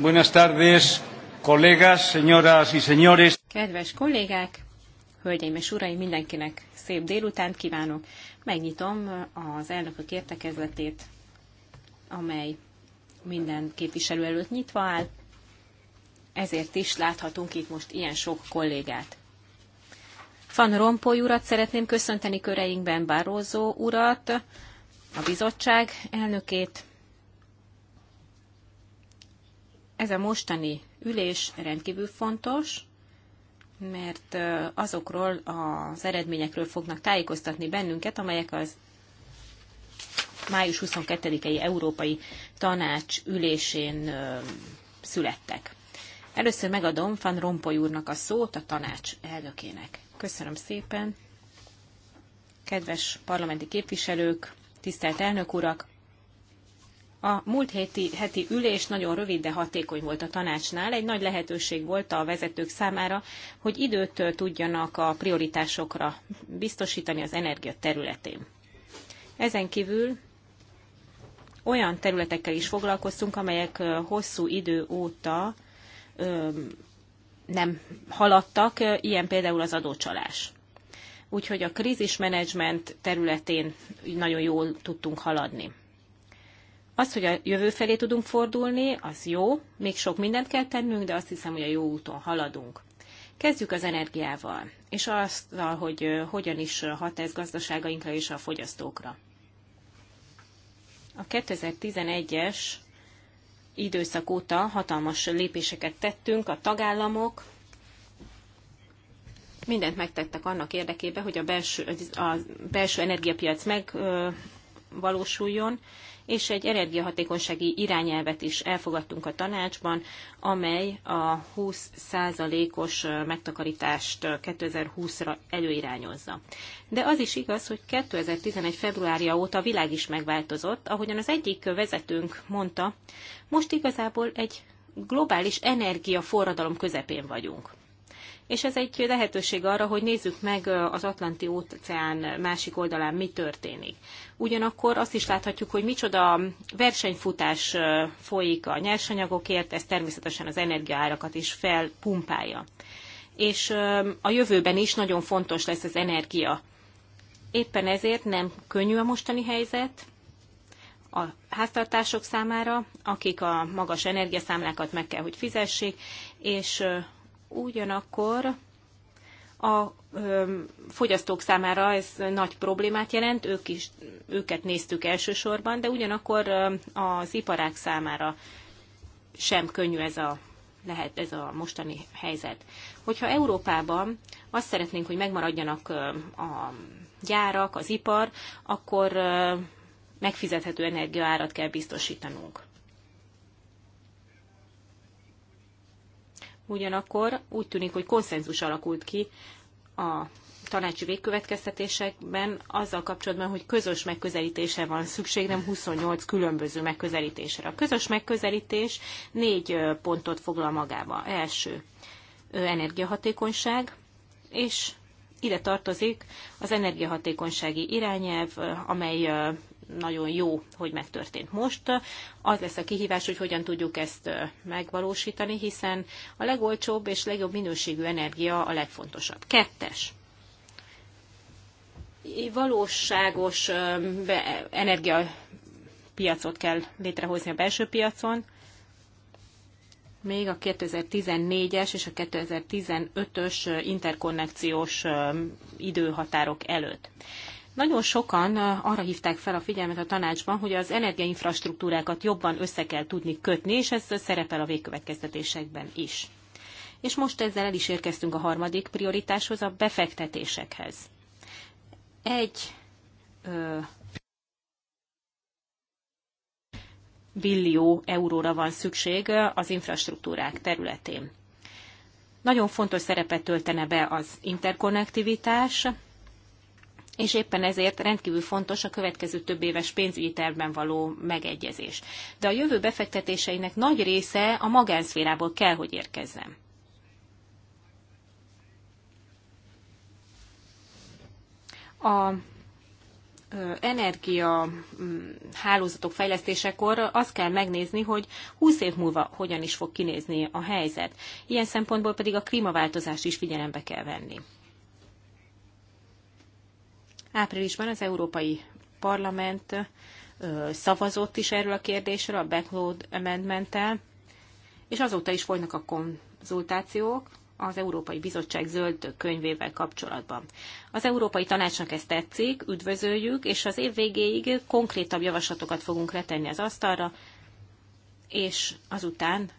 Buenas tardes, colegas, señoras y señores. Kedves kollégák, hölgyeim és uraim, mindenkinek szép délutánt kívánok. Megnyitom az elnökök értekezletét, amely minden képviselő előtt nyitva áll. Ezért is láthatunk itt most ilyen sok kollégát. Van Rompoy urat szeretném köszönteni köreinkben, Barroso urat, a bizottság elnökét, Ez a mostani ülés rendkívül fontos, mert azokról az eredményekről fognak tájékoztatni bennünket, amelyek az május 22-i Európai Tanács ülésén születtek. Először megadom Van Rompuy úrnak a szót a tanács elnökének. Köszönöm szépen. Kedves parlamenti képviselők, tisztelt elnök urak, a múlt héti, heti ülés nagyon rövid, de hatékony volt a tanácsnál. Egy nagy lehetőség volt a vezetők számára, hogy időt tudjanak a prioritásokra biztosítani az energia területén. Ezen kívül olyan területekkel is foglalkoztunk, amelyek hosszú idő óta nem haladtak, ilyen például az adócsalás. Úgyhogy a krízismenedzsment területén nagyon jól tudtunk haladni. Az, hogy a jövő felé tudunk fordulni, az jó, még sok mindent kell tennünk, de azt hiszem, hogy a jó úton haladunk. Kezdjük az energiával, és azzal, hogy hogyan is hat ez gazdaságainkra és a fogyasztókra. A 2011-es időszak óta hatalmas lépéseket tettünk, a tagállamok mindent megtettek annak érdekében, hogy a belső, a belső energiapiac megvalósuljon, és egy energiahatékonysági irányelvet is elfogadtunk a tanácsban, amely a 20%-os megtakarítást 2020-ra előirányozza. De az is igaz, hogy 2011. februárja óta a világ is megváltozott, ahogyan az egyik vezetőnk mondta, most igazából egy globális energiaforradalom közepén vagyunk és ez egy lehetőség arra, hogy nézzük meg az Atlanti óceán másik oldalán mi történik. Ugyanakkor azt is láthatjuk, hogy micsoda versenyfutás folyik a nyersanyagokért, ez természetesen az energiaárakat is felpumpálja. És a jövőben is nagyon fontos lesz az energia. Éppen ezért nem könnyű a mostani helyzet, a háztartások számára, akik a magas energiaszámlákat meg kell, hogy fizessék, és ugyanakkor a fogyasztók számára ez nagy problémát jelent, ők is, őket néztük elsősorban, de ugyanakkor az iparák számára sem könnyű ez a lehet ez a mostani helyzet. Hogyha Európában azt szeretnénk, hogy megmaradjanak a gyárak, az ipar, akkor megfizethető energiaárat kell biztosítanunk. Ugyanakkor úgy tűnik, hogy konszenzus alakult ki a tanácsi végkövetkeztetésekben azzal kapcsolatban, hogy közös megközelítése van szükség, nem 28 különböző megközelítésre. A közös megközelítés négy pontot foglal magába. Első, energiahatékonyság, és ide tartozik az energiahatékonysági irányelv, amely nagyon jó, hogy megtörtént most. Az lesz a kihívás, hogy hogyan tudjuk ezt megvalósítani, hiszen a legolcsóbb és legjobb minőségű energia a legfontosabb. Kettes valóságos energiapiacot kell létrehozni a belső piacon. Még a 2014-es és a 2015-ös interkonnekciós időhatárok előtt. Nagyon sokan arra hívták fel a figyelmet a tanácsban, hogy az energiainfrastruktúrákat jobban össze kell tudni kötni, és ez szerepel a végkövetkeztetésekben is. És most ezzel el is érkeztünk a harmadik prioritáshoz, a befektetésekhez. Egy ö, billió euróra van szükség az infrastruktúrák területén. Nagyon fontos szerepet töltene be az interkonnektivitás, és éppen ezért rendkívül fontos a következő több éves pénzügyi tervben való megegyezés. De a jövő befektetéseinek nagy része a magánszférából kell, hogy érkezzen. A energia mm, hálózatok fejlesztésekor azt kell megnézni, hogy 20 év múlva hogyan is fog kinézni a helyzet. Ilyen szempontból pedig a klímaváltozást is figyelembe kell venni. Áprilisban az Európai Parlament szavazott is erről a kérdésről, a backload amendment és azóta is folynak a konzultációk az Európai Bizottság zöld könyvével kapcsolatban. Az Európai Tanácsnak ez tetszik, üdvözöljük, és az év végéig konkrétabb javaslatokat fogunk letenni az asztalra, és azután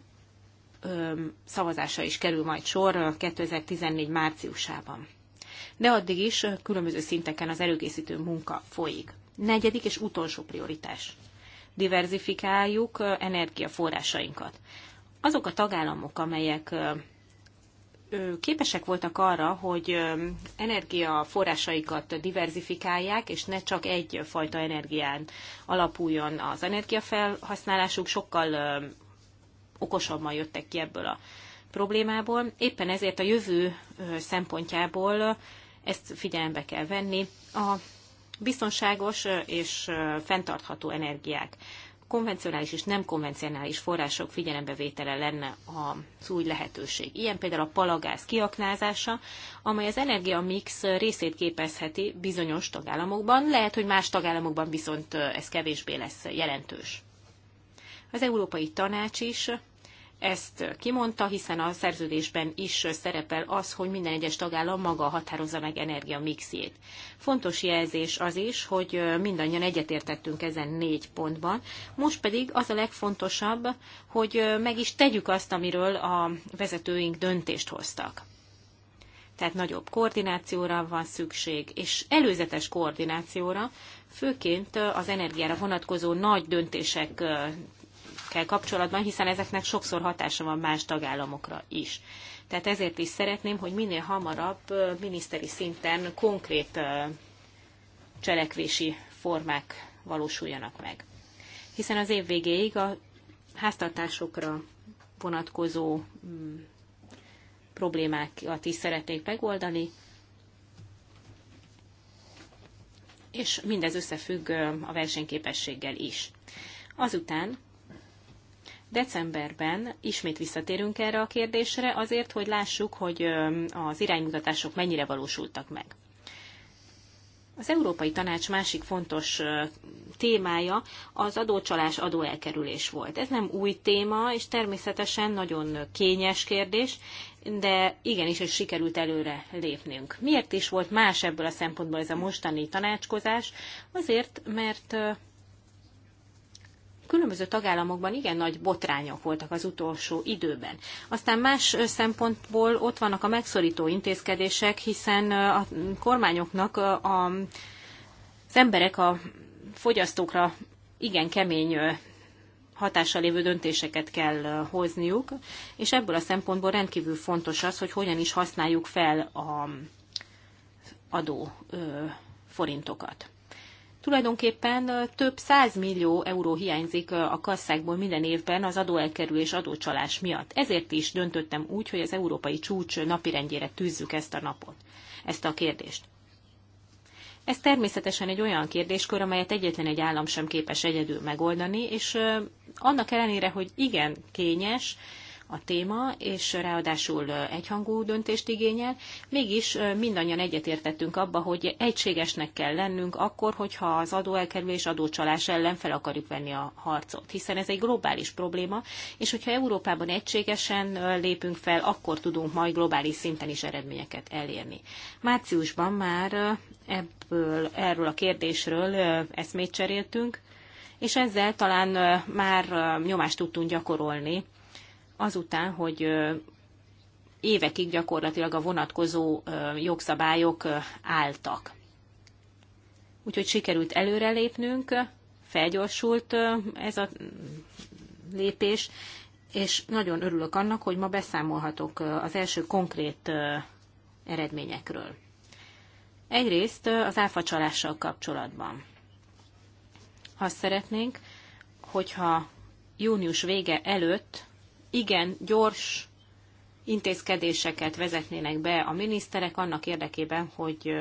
ö, szavazása is kerül majd sor 2014 márciusában de addig is különböző szinteken az előkészítő munka folyik. Negyedik és utolsó prioritás. Diverzifikáljuk energiaforrásainkat. Azok a tagállamok, amelyek képesek voltak arra, hogy energiaforrásaikat diverzifikálják, és ne csak egyfajta energián alapuljon az energiafelhasználásuk, sokkal okosabban jöttek ki ebből a problémából. Éppen ezért a jövő szempontjából ezt figyelembe kell venni. A biztonságos és fenntartható energiák konvencionális és nem konvencionális források figyelembevétele lenne az új lehetőség. Ilyen például a palagáz kiaknázása, amely az energiamix részét képezheti bizonyos tagállamokban, lehet, hogy más tagállamokban viszont ez kevésbé lesz jelentős. Az Európai Tanács is ezt kimondta, hiszen a szerződésben is szerepel az, hogy minden egyes tagállam maga határozza meg energia mixjét. Fontos jelzés az is, hogy mindannyian egyetértettünk ezen négy pontban. Most pedig az a legfontosabb, hogy meg is tegyük azt, amiről a vezetőink döntést hoztak. Tehát nagyobb koordinációra van szükség, és előzetes koordinációra, főként az energiára vonatkozó nagy döntések kell kapcsolatban, hiszen ezeknek sokszor hatása van más tagállamokra is. Tehát ezért is szeretném, hogy minél hamarabb miniszteri szinten konkrét cselekvési formák valósuljanak meg. Hiszen az év végéig a háztartásokra vonatkozó mm, problémákat is szeretnék megoldani, és mindez összefügg a versenyképességgel is. Azután Decemberben ismét visszatérünk erre a kérdésre azért, hogy lássuk, hogy az iránymutatások mennyire valósultak meg. Az Európai Tanács másik fontos témája az adócsalás, adóelkerülés volt. Ez nem új téma, és természetesen nagyon kényes kérdés, de igenis, hogy sikerült előre lépnünk. Miért is volt más ebből a szempontból ez a mostani tanácskozás? Azért, mert különböző tagállamokban igen nagy botrányok voltak az utolsó időben. Aztán más szempontból ott vannak a megszorító intézkedések, hiszen a kormányoknak a, az emberek a fogyasztókra igen kemény hatással lévő döntéseket kell hozniuk, és ebből a szempontból rendkívül fontos az, hogy hogyan is használjuk fel a adó forintokat. Tulajdonképpen több százmillió millió euró hiányzik a kasszákból minden évben az adóelkerülés adócsalás miatt. Ezért is döntöttem úgy, hogy az európai csúcs napirendjére tűzzük ezt a napot, ezt a kérdést. Ez természetesen egy olyan kérdéskör, amelyet egyetlen egy állam sem képes egyedül megoldani, és annak ellenére, hogy igen kényes, a téma, és ráadásul egyhangú döntést igényel. Mégis mindannyian egyetértettünk abba, hogy egységesnek kell lennünk akkor, hogyha az adóelkerülés, adócsalás ellen fel akarjuk venni a harcot, hiszen ez egy globális probléma, és hogyha Európában egységesen lépünk fel, akkor tudunk majd globális szinten is eredményeket elérni. Márciusban már ebből, erről a kérdésről eszmét cseréltünk, és ezzel talán már nyomást tudtunk gyakorolni azután, hogy évekig gyakorlatilag a vonatkozó jogszabályok álltak. Úgyhogy sikerült előrelépnünk, felgyorsult ez a lépés, és nagyon örülök annak, hogy ma beszámolhatok az első konkrét eredményekről. Egyrészt az áfacsalással kapcsolatban. Azt szeretnénk, hogyha június vége előtt igen gyors intézkedéseket vezetnének be a miniszterek annak érdekében, hogy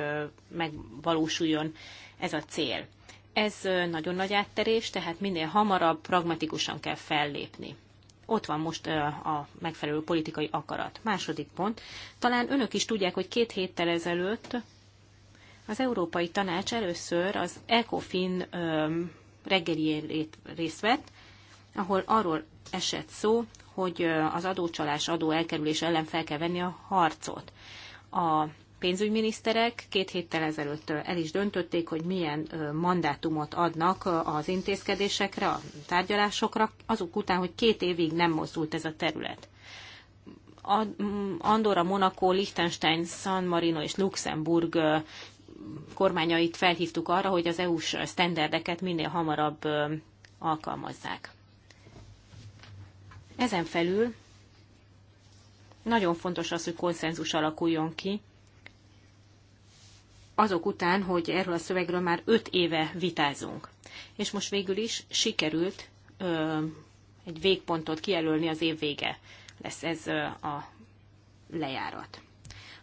megvalósuljon ez a cél. Ez nagyon nagy átterés, tehát minél hamarabb, pragmatikusan kell fellépni. Ott van most a megfelelő politikai akarat. Második pont. Talán önök is tudják, hogy két héttel ezelőtt az Európai Tanács először az ECOFIN reggeli részt vett, ahol arról esett szó, hogy az adócsalás, adó elkerülés ellen fel kell venni a harcot. A pénzügyminiszterek két héttel ezelőtt el is döntötték, hogy milyen mandátumot adnak az intézkedésekre, a tárgyalásokra, azok után, hogy két évig nem mozdult ez a terület. Mm, Andorra, Monaco, Liechtenstein, San Marino és Luxemburg kormányait felhívtuk arra, hogy az EU-s sztenderdeket minél hamarabb alkalmazzák. Ezen felül nagyon fontos az, hogy konszenzus alakuljon ki, azok után, hogy erről a szövegről már öt éve vitázunk. És most végül is sikerült ö, egy végpontot kijelölni, az év vége lesz ez ö, a lejárat.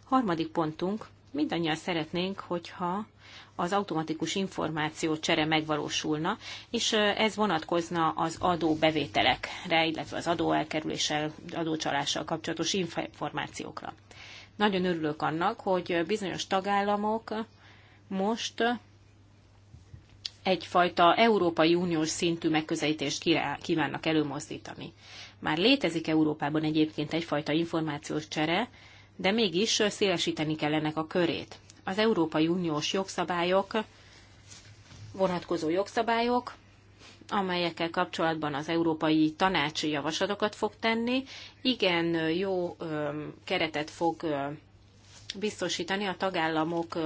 Harmadik pontunk, mindannyian szeretnénk, hogyha az automatikus információ csere megvalósulna, és ez vonatkozna az adóbevételekre, illetve az adóelkerüléssel, adócsalással kapcsolatos információkra. Nagyon örülök annak, hogy bizonyos tagállamok most egyfajta Európai Uniós szintű megközelítést kívánnak előmozdítani. Már létezik Európában egyébként egyfajta információs csere, de mégis szélesíteni kell ennek a körét az Európai Uniós jogszabályok, vonatkozó jogszabályok, amelyekkel kapcsolatban az Európai Tanácsi javaslatokat fog tenni, igen jó keretet fog biztosítani a tagállamok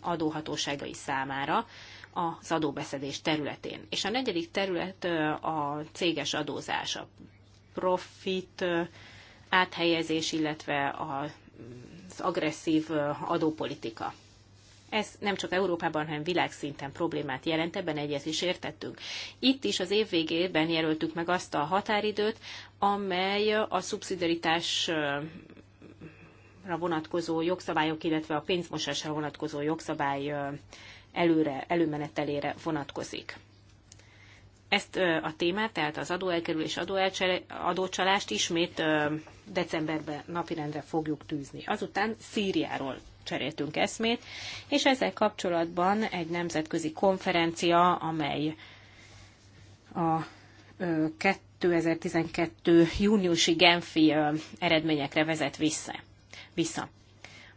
adóhatóságai számára az adóbeszedés területén. És a negyedik terület a céges adózás, a profit áthelyezés, illetve az agresszív adópolitika. Ez nem csak Európában, hanem világszinten problémát jelent, ebben egyet is értettünk. Itt is az év végében jelöltük meg azt a határidőt, amely a szubszidaritás vonatkozó jogszabályok, illetve a pénzmosásra vonatkozó jogszabály előre, előmenetelére vonatkozik. Ezt a témát, tehát az adóelkerülés, adócsalást ismét decemberben napirendre fogjuk tűzni. Azután Szíriáról cseréltünk eszmét, és ezzel kapcsolatban egy nemzetközi konferencia, amely a 2012. júniusi Genfi eredményekre vezet vissza. vissza.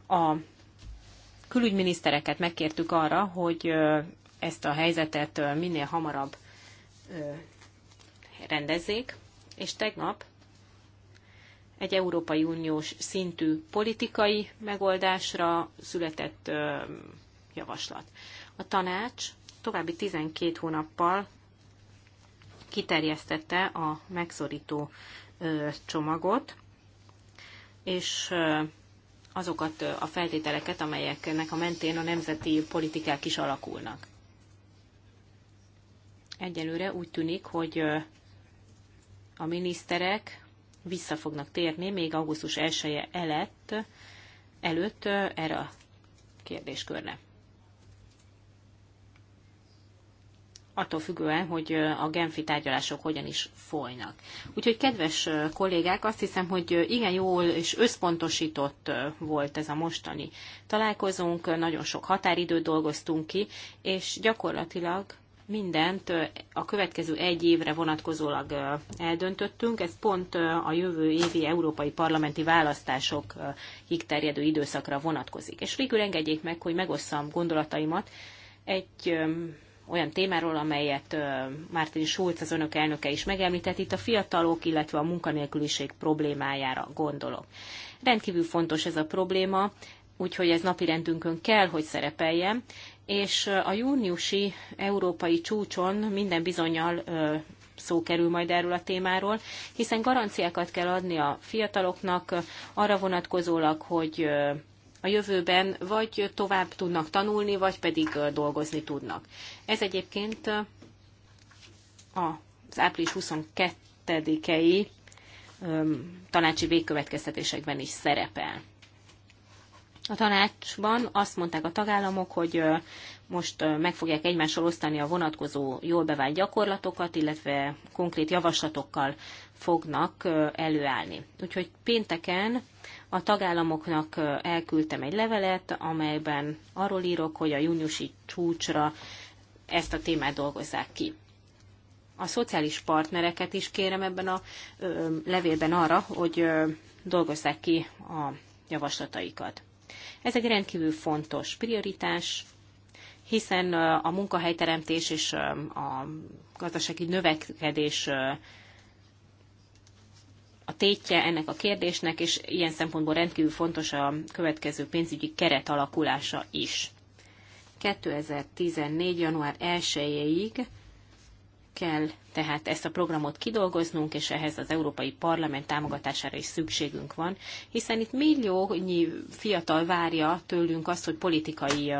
A külügyminisztereket megkértük arra, hogy ezt a helyzetet minél hamarabb rendezzék, és tegnap egy Európai Uniós szintű politikai megoldásra született javaslat. A tanács további 12 hónappal kiterjesztette a megszorító csomagot, és azokat a feltételeket, amelyeknek a mentén a nemzeti politikák is alakulnak. Egyelőre úgy tűnik, hogy a miniszterek vissza fognak térni még augusztus 1 -e elett, előtt erre a kérdéskörre. attól függően, hogy a genfi tárgyalások hogyan is folynak. Úgyhogy, kedves kollégák, azt hiszem, hogy igen jól és összpontosított volt ez a mostani találkozónk, nagyon sok határidőt dolgoztunk ki, és gyakorlatilag mindent a következő egy évre vonatkozólag eldöntöttünk. Ez pont a jövő évi európai parlamenti választásokig terjedő időszakra vonatkozik. És végül engedjék meg, hogy megosszam gondolataimat egy olyan témáról, amelyet Mártin Schulz, az önök elnöke is megemlített, itt a fiatalok, illetve a munkanélküliség problémájára gondolok. Rendkívül fontos ez a probléma, úgyhogy ez napirendünkön kell, hogy szerepeljen, és a júniusi európai csúcson minden bizonyal szó kerül majd erről a témáról, hiszen garanciákat kell adni a fiataloknak arra vonatkozólag, hogy a jövőben vagy tovább tudnak tanulni, vagy pedig dolgozni tudnak. Ez egyébként az április 22-i tanácsi végkövetkeztetésekben is szerepel. A tanácsban azt mondták a tagállamok, hogy most meg fogják egymással osztani a vonatkozó jól bevált gyakorlatokat, illetve konkrét javaslatokkal fognak előállni. Úgyhogy pénteken a tagállamoknak elküldtem egy levelet, amelyben arról írok, hogy a júniusi csúcsra ezt a témát dolgozzák ki. A szociális partnereket is kérem ebben a levélben arra, hogy dolgozzák ki a javaslataikat. Ez egy rendkívül fontos prioritás, hiszen a munkahelyteremtés és a gazdasági növekedés a tétje ennek a kérdésnek, és ilyen szempontból rendkívül fontos a következő pénzügyi keret alakulása is. 2014. január 1-ig kell tehát ezt a programot kidolgoznunk, és ehhez az Európai Parlament támogatására is szükségünk van, hiszen itt milliónyi fiatal várja tőlünk azt, hogy politikai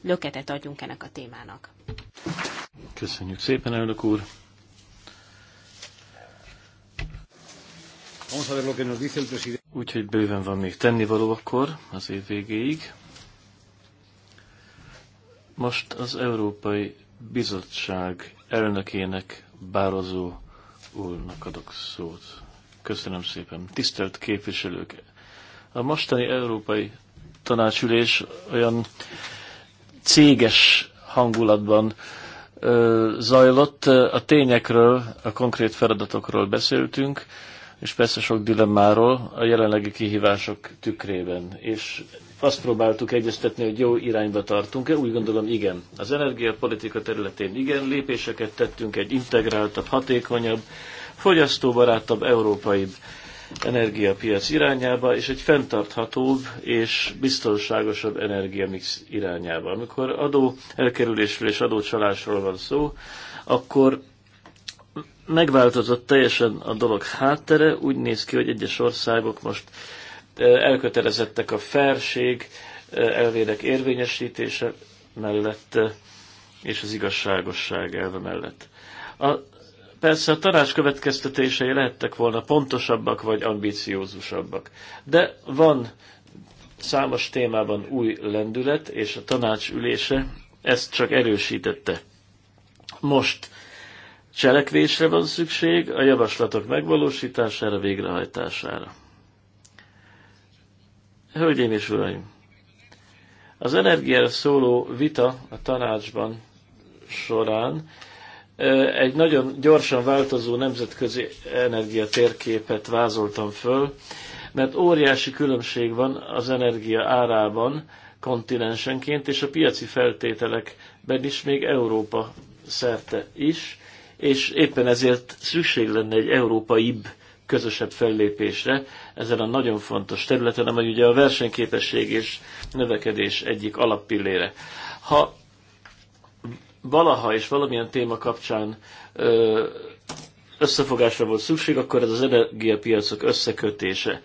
löketet adjunk ennek a témának. Köszönjük szépen, elnök úr! Úgyhogy bőven van még tennivaló akkor az év végéig. Most az Európai bizottság elnökének, Bározó úrnak adok szót. Köszönöm szépen. Tisztelt képviselők! A mostani európai tanácsülés olyan céges hangulatban ö, zajlott. A tényekről, a konkrét feladatokról beszéltünk és persze sok dilemmáról a jelenlegi kihívások tükrében. És azt próbáltuk egyeztetni, hogy jó irányba tartunk-e, úgy gondolom igen. Az energiapolitika területén igen, lépéseket tettünk egy integráltabb, hatékonyabb, fogyasztóbarátabb, európai energiapiac irányába, és egy fenntarthatóbb és biztonságosabb energiamix irányába. Amikor adó elkerülésről és adócsalásról van szó, akkor megváltozott teljesen a dolog háttere, úgy néz ki, hogy egyes országok most elkötelezettek a felség elvének érvényesítése mellett és az igazságosság elve mellett. A, persze a tanács következtetései lehettek volna pontosabbak vagy ambíciózusabbak, de van számos témában új lendület, és a tanács ülése ezt csak erősítette. Most Cselekvésre van szükség, a javaslatok megvalósítására, végrehajtására. Hölgyeim és uraim! Az energiára szóló vita a tanácsban során egy nagyon gyorsan változó nemzetközi energiatérképet vázoltam föl, mert óriási különbség van az energia árában kontinensenként, és a piaci feltételekben is, még Európa szerte is és éppen ezért szükség lenne egy európaibb, közösebb fellépésre ezen a nagyon fontos területen, amely ugye a versenyképesség és növekedés egyik alappillére. Ha valaha és valamilyen téma kapcsán összefogásra volt szükség, akkor ez az energiapiacok összekötése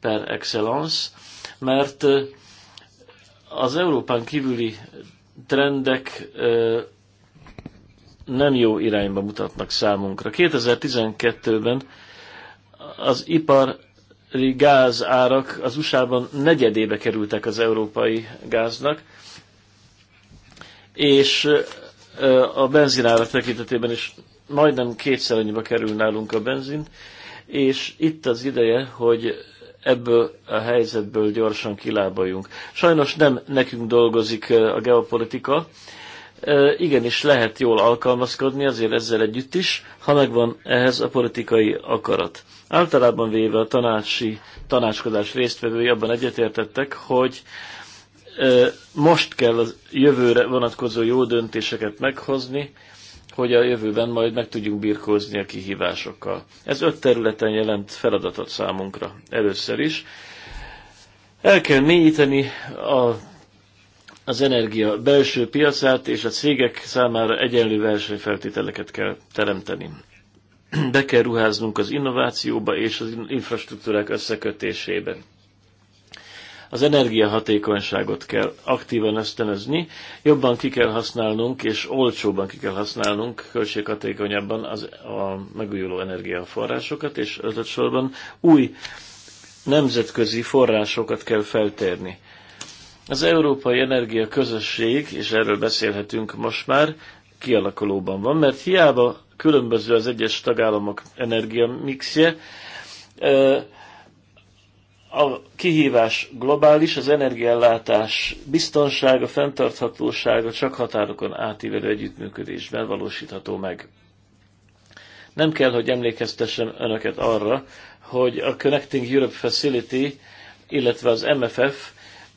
per excellence, mert az Európán kívüli trendek nem jó irányba mutatnak számunkra. 2012-ben az ipari gázárak az USA-ban negyedébe kerültek az európai gáznak, és a benzinárak tekintetében is majdnem kétszer annyiba kerül nálunk a benzin, és itt az ideje, hogy ebből a helyzetből gyorsan kilábaljunk. Sajnos nem nekünk dolgozik a geopolitika, igenis lehet jól alkalmazkodni, azért ezzel együtt is, ha megvan ehhez a politikai akarat. Általában véve a tanácsi tanácskodás résztvevői abban egyetértettek, hogy most kell a jövőre vonatkozó jó döntéseket meghozni, hogy a jövőben majd meg tudjuk birkózni a kihívásokkal. Ez öt területen jelent feladatot számunkra először is. El kell mélyíteni a az energia belső piacát és a cégek számára egyenlő versenyfeltételeket kell teremteni. Be kell ruháznunk az innovációba és az infrastruktúrák összekötésébe. Az energiahatékonyságot kell aktívan ösztönözni, jobban ki kell használnunk, és olcsóban ki kell használnunk költséghatékonyabban az, a megújuló energiaforrásokat, és ötödsorban új nemzetközi forrásokat kell feltérni az Európai Energia Közösség, és erről beszélhetünk most már, kialakulóban van, mert hiába különböző az egyes tagállamok energia mixje, a kihívás globális, az energiállátás biztonsága, fenntarthatósága csak határokon átívelő együttműködésben valósítható meg. Nem kell, hogy emlékeztessem önöket arra, hogy a Connecting Europe Facility, illetve az MFF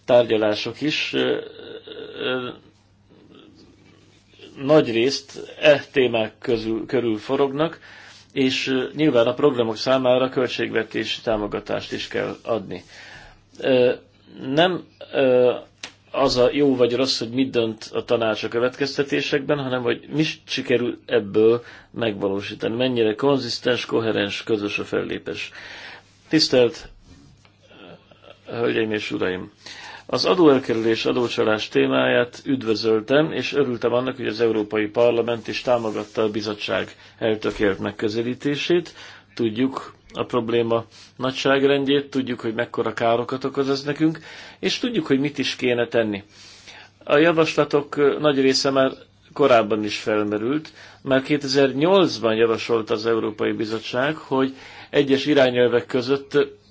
tárgyalások is nagy részt e témák közül, körül forognak, és nyilván a programok számára költségvetési támogatást is kell adni. Nem az a jó vagy rossz, hogy mit dönt a tanács a következtetésekben, hanem hogy mi sikerül ebből megvalósítani, mennyire konzisztens, koherens, közös a fellépés. Tisztelt Hölgyeim és Uraim! Az adóelkerülés, adócsalás témáját üdvözöltem, és örültem annak, hogy az Európai Parlament is támogatta a bizottság eltökélt megközelítését. Tudjuk a probléma nagyságrendjét, tudjuk, hogy mekkora károkat okoz ez nekünk, és tudjuk, hogy mit is kéne tenni. A javaslatok nagy része már korábban is felmerült. Már 2008-ban javasolt az Európai Bizottság, hogy egyes irányelvek között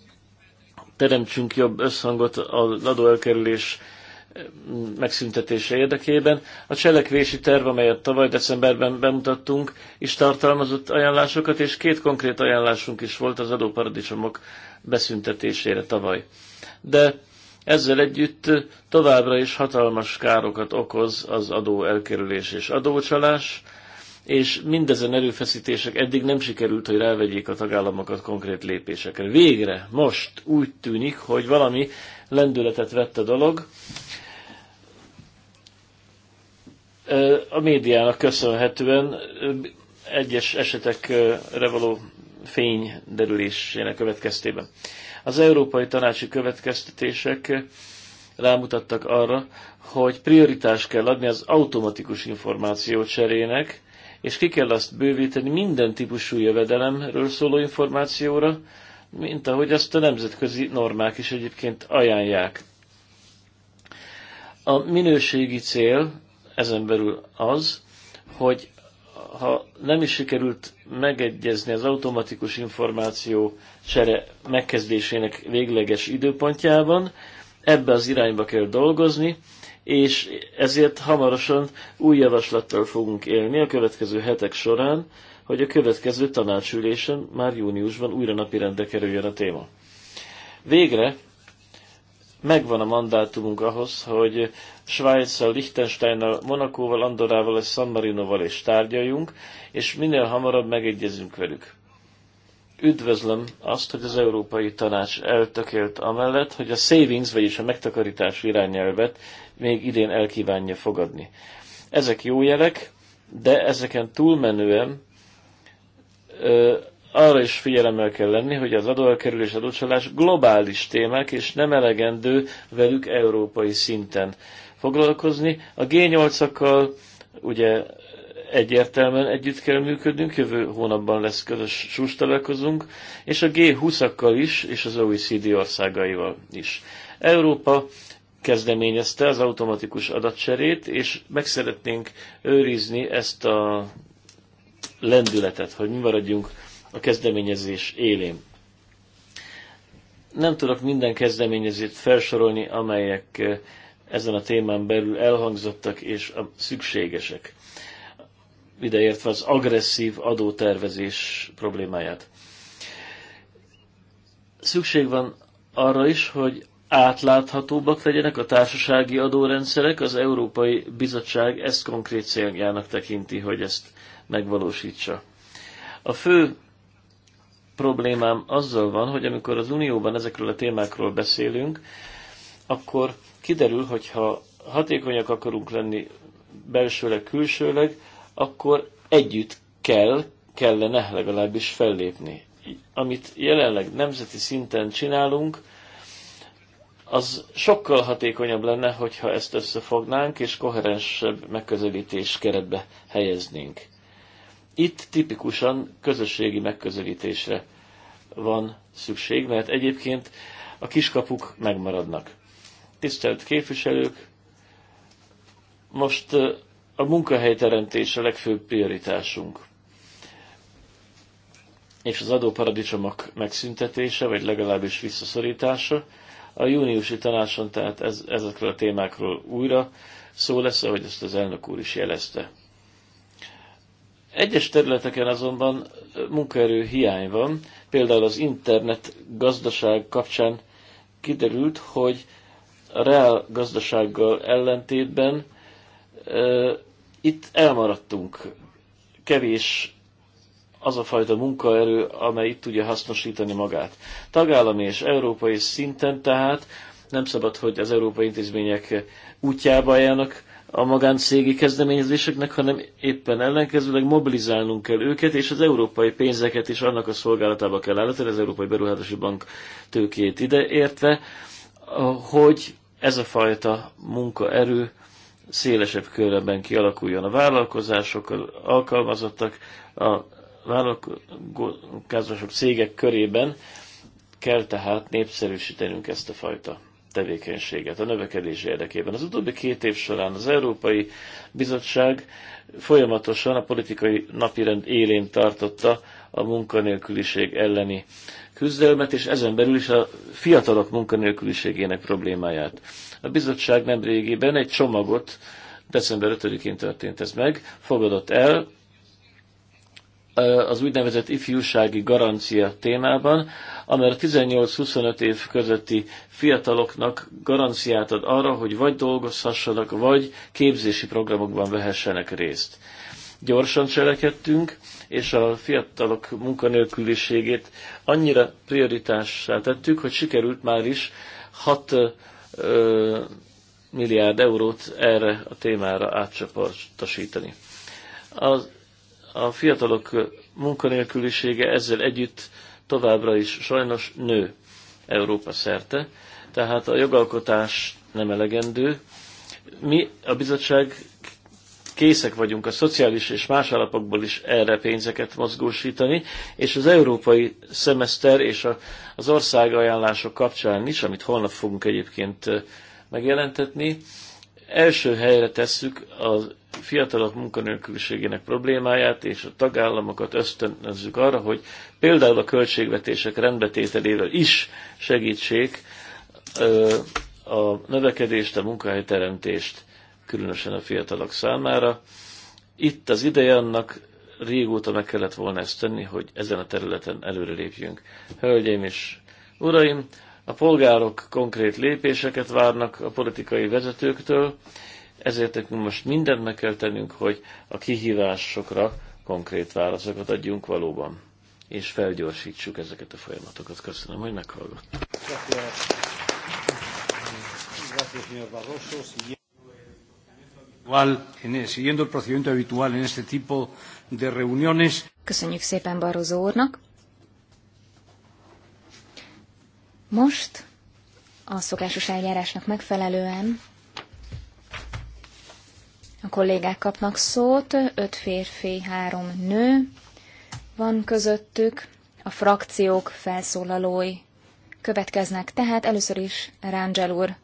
teremtsünk jobb összhangot az adóelkerülés mm, megszüntetése érdekében. A cselekvési terv, amelyet tavaly decemberben bemutattunk, is tartalmazott ajánlásokat, és két konkrét ajánlásunk is volt az adóparadicsomok beszüntetésére tavaly. De ezzel együtt továbbra is hatalmas károkat okoz az adó elkerülés és adócsalás, és mindezen erőfeszítések eddig nem sikerült, hogy rávegyék a tagállamokat konkrét lépésekre. Végre, most úgy tűnik, hogy valami lendületet vett a dolog. A médiának köszönhetően egyes esetekre való fény derülésének következtében. Az európai tanácsi következtetések rámutattak arra, hogy prioritás kell adni az automatikus információ cserének, és ki kell azt bővíteni minden típusú jövedelemről szóló információra, mint ahogy azt a nemzetközi normák is egyébként ajánlják. A minőségi cél ezen belül az, hogy ha nem is sikerült megegyezni az automatikus információ csere megkezdésének végleges időpontjában, ebbe az irányba kell dolgozni, és ezért hamarosan új javaslattal fogunk élni a következő hetek során, hogy a következő tanácsülésen már júniusban újra napirendre kerüljön a téma. Végre megvan a mandátumunk ahhoz, hogy Svájccal, Liechtensteinnal, Monakóval, Andorával és San Marinoval is tárgyaljunk, és minél hamarabb megegyezünk velük. Üdvözlöm azt, hogy az Európai Tanács eltökélt amellett, hogy a savings, vagyis a megtakarítás irányelvet még idén elkívánja fogadni. Ezek jó jelek, de ezeken túlmenően ö, arra is figyelemmel kell lenni, hogy az adóelkerülés adócsalás globális témák, és nem elegendő velük európai szinten foglalkozni. A G8-akkal ugye egyértelműen együtt kell működnünk, jövő hónapban lesz közös sus találkozunk, és a G20-akkal is, és az OECD országaival is. Európa kezdeményezte az automatikus adatcserét, és meg szeretnénk őrizni ezt a lendületet, hogy mi maradjunk a kezdeményezés élén. Nem tudok minden kezdeményezést felsorolni, amelyek eh, ezen a témán belül elhangzottak és a szükségesek. Ideértve az agresszív adótervezés problémáját. Szükség van arra is, hogy átláthatóbbak legyenek a társasági adórendszerek, az Európai Bizottság ezt konkrét céljának tekinti, hogy ezt megvalósítsa. A fő problémám azzal van, hogy amikor az Unióban ezekről a témákról beszélünk, akkor kiderül, hogy ha hatékonyak akarunk lenni belsőleg, külsőleg, akkor együtt kell, kellene legalábbis fellépni. Amit jelenleg nemzeti szinten csinálunk, az sokkal hatékonyabb lenne, hogyha ezt összefognánk, és koherensebb megközelítés keretbe helyeznénk. Itt tipikusan közösségi megközelítésre van szükség, mert egyébként a kiskapuk megmaradnak. Tisztelt képviselők, most a munkahelyteremtés a legfőbb prioritásunk. És az adóparadicsomok megszüntetése, vagy legalábbis visszaszorítása, a júniusi tanácson tehát ez, ezekről a témákról újra szó lesz, ahogy ezt az elnök úr is jelezte. Egyes területeken azonban munkaerő hiány van, például az internet gazdaság kapcsán kiderült, hogy a reál gazdasággal ellentétben e, itt elmaradtunk. Kevés az a fajta munkaerő, amely itt tudja hasznosítani magát. Tagállami és európai szinten tehát nem szabad, hogy az európai intézmények útjába álljanak a magáncégi kezdeményezéseknek, hanem éppen ellenkezőleg mobilizálnunk kell őket, és az európai pénzeket is annak a szolgálatába kell állítani, az Európai Beruházási Bank tőkét ide értve, hogy ez a fajta munkaerő szélesebb körben kialakuljon a vállalkozások, az alkalmazottak, a vállalkozások cégek körében kell tehát népszerűsítenünk ezt a fajta tevékenységet a növekedés érdekében. Az utóbbi két év során az Európai Bizottság folyamatosan a politikai napirend élén tartotta a munkanélküliség elleni küzdelmet, és ezen belül is a fiatalok munkanélküliségének problémáját. A bizottság nemrégiben egy csomagot, december 5-én történt ez meg, fogadott el, az úgynevezett ifjúsági garancia témában, amely a 18-25 év közötti fiataloknak garanciát ad arra, hogy vagy dolgozhassanak, vagy képzési programokban vehessenek részt. Gyorsan cselekedtünk, és a fiatalok munkanélküliségét annyira prioritássá tettük, hogy sikerült már is 6 ö, milliárd eurót erre a témára átcsoportosítani. Az a fiatalok munkanélkülisége ezzel együtt továbbra is sajnos nő Európa szerte, tehát a jogalkotás nem elegendő. Mi, a bizottság készek vagyunk a szociális és más alapokból is erre pénzeket mozgósítani, és az európai szemeszter és az ország ajánlások kapcsán is, amit holnap fogunk egyébként megjelentetni, első helyre tesszük az fiatalok munkanélküliségének problémáját és a tagállamokat ösztönözzük arra, hogy például a költségvetések rendbetételével is segítsék a növekedést, a munkahelyteremtést, különösen a fiatalok számára. Itt az ideje annak, régóta meg kellett volna ezt tenni, hogy ezen a területen előrelépjünk. Hölgyeim és uraim, a polgárok konkrét lépéseket várnak a politikai vezetőktől, ezért nekünk most mindent meg kell tennünk, hogy a kihívásokra konkrét válaszokat adjunk valóban, és felgyorsítsuk ezeket a folyamatokat. Köszönöm, hogy meghallgat. Köszönjük szépen Barroso úrnak. Most a szokásos eljárásnak megfelelően a kollégák kapnak szót, öt férfi, három nő van közöttük, a frakciók felszólalói következnek, tehát először is Rangel úr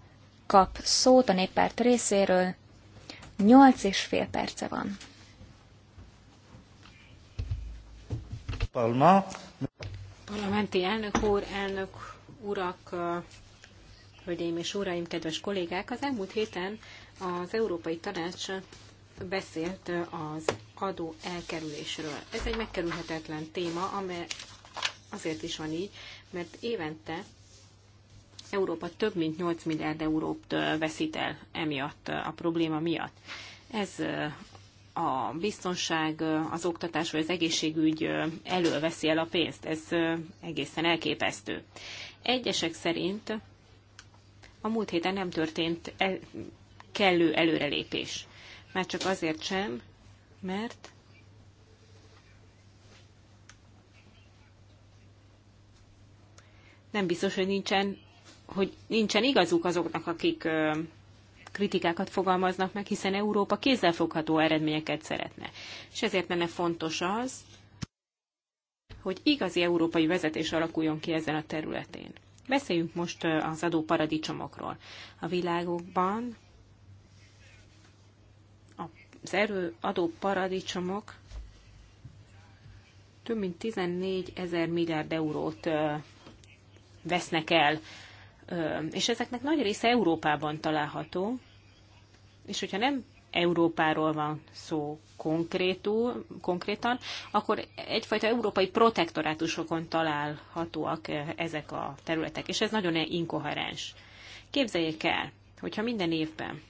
kap szót a néppárt részéről, nyolc és fél perce van. Palma. Parlamenti elnök úr, elnök urak, Hölgyeim és Uraim, kedves kollégák! Az elmúlt héten az Európai Tanács beszélt az adó elkerülésről. Ez egy megkerülhetetlen téma, amely azért is van így, mert évente Európa több mint 8 milliárd eurót veszít el emiatt a probléma miatt. Ez a biztonság, az oktatás vagy az egészségügy elől veszi el a pénzt. Ez egészen elképesztő. Egyesek szerint a múlt héten nem történt el, kellő előrelépés. Már csak azért sem, mert nem biztos, hogy nincsen, hogy nincsen igazuk azoknak, akik ö, kritikákat fogalmaznak meg, hiszen Európa kézzelfogható eredményeket szeretne. És ezért lenne fontos az, hogy igazi európai vezetés alakuljon ki ezen a területén. Beszéljünk most az adóparadicsomokról. A világokban az erő adóparadicsomok több mint 14 ezer milliárd eurót vesznek el, és ezeknek nagy része Európában található, és hogyha nem Európáról van szó konkrétul, konkrétan, akkor egyfajta európai protektorátusokon találhatóak eh, ezek a területek, és ez nagyon inkoherens. Képzeljék el, hogyha minden évben,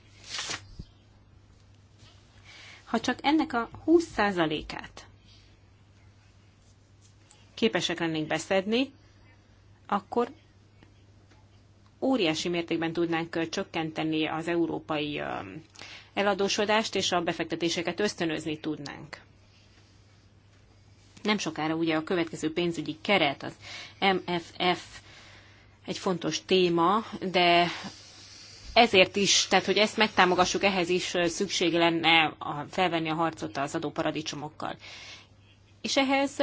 ha csak ennek a 20%-át képesek lennénk beszedni, akkor óriási mértékben tudnánk eh, csökkenteni az európai eh, eladósodást és a befektetéseket ösztönözni tudnánk. Nem sokára ugye a következő pénzügyi keret, az MFF egy fontos téma, de ezért is, tehát hogy ezt megtámogassuk, ehhez is szükség lenne a, felvenni a harcot az adóparadicsomokkal. És ehhez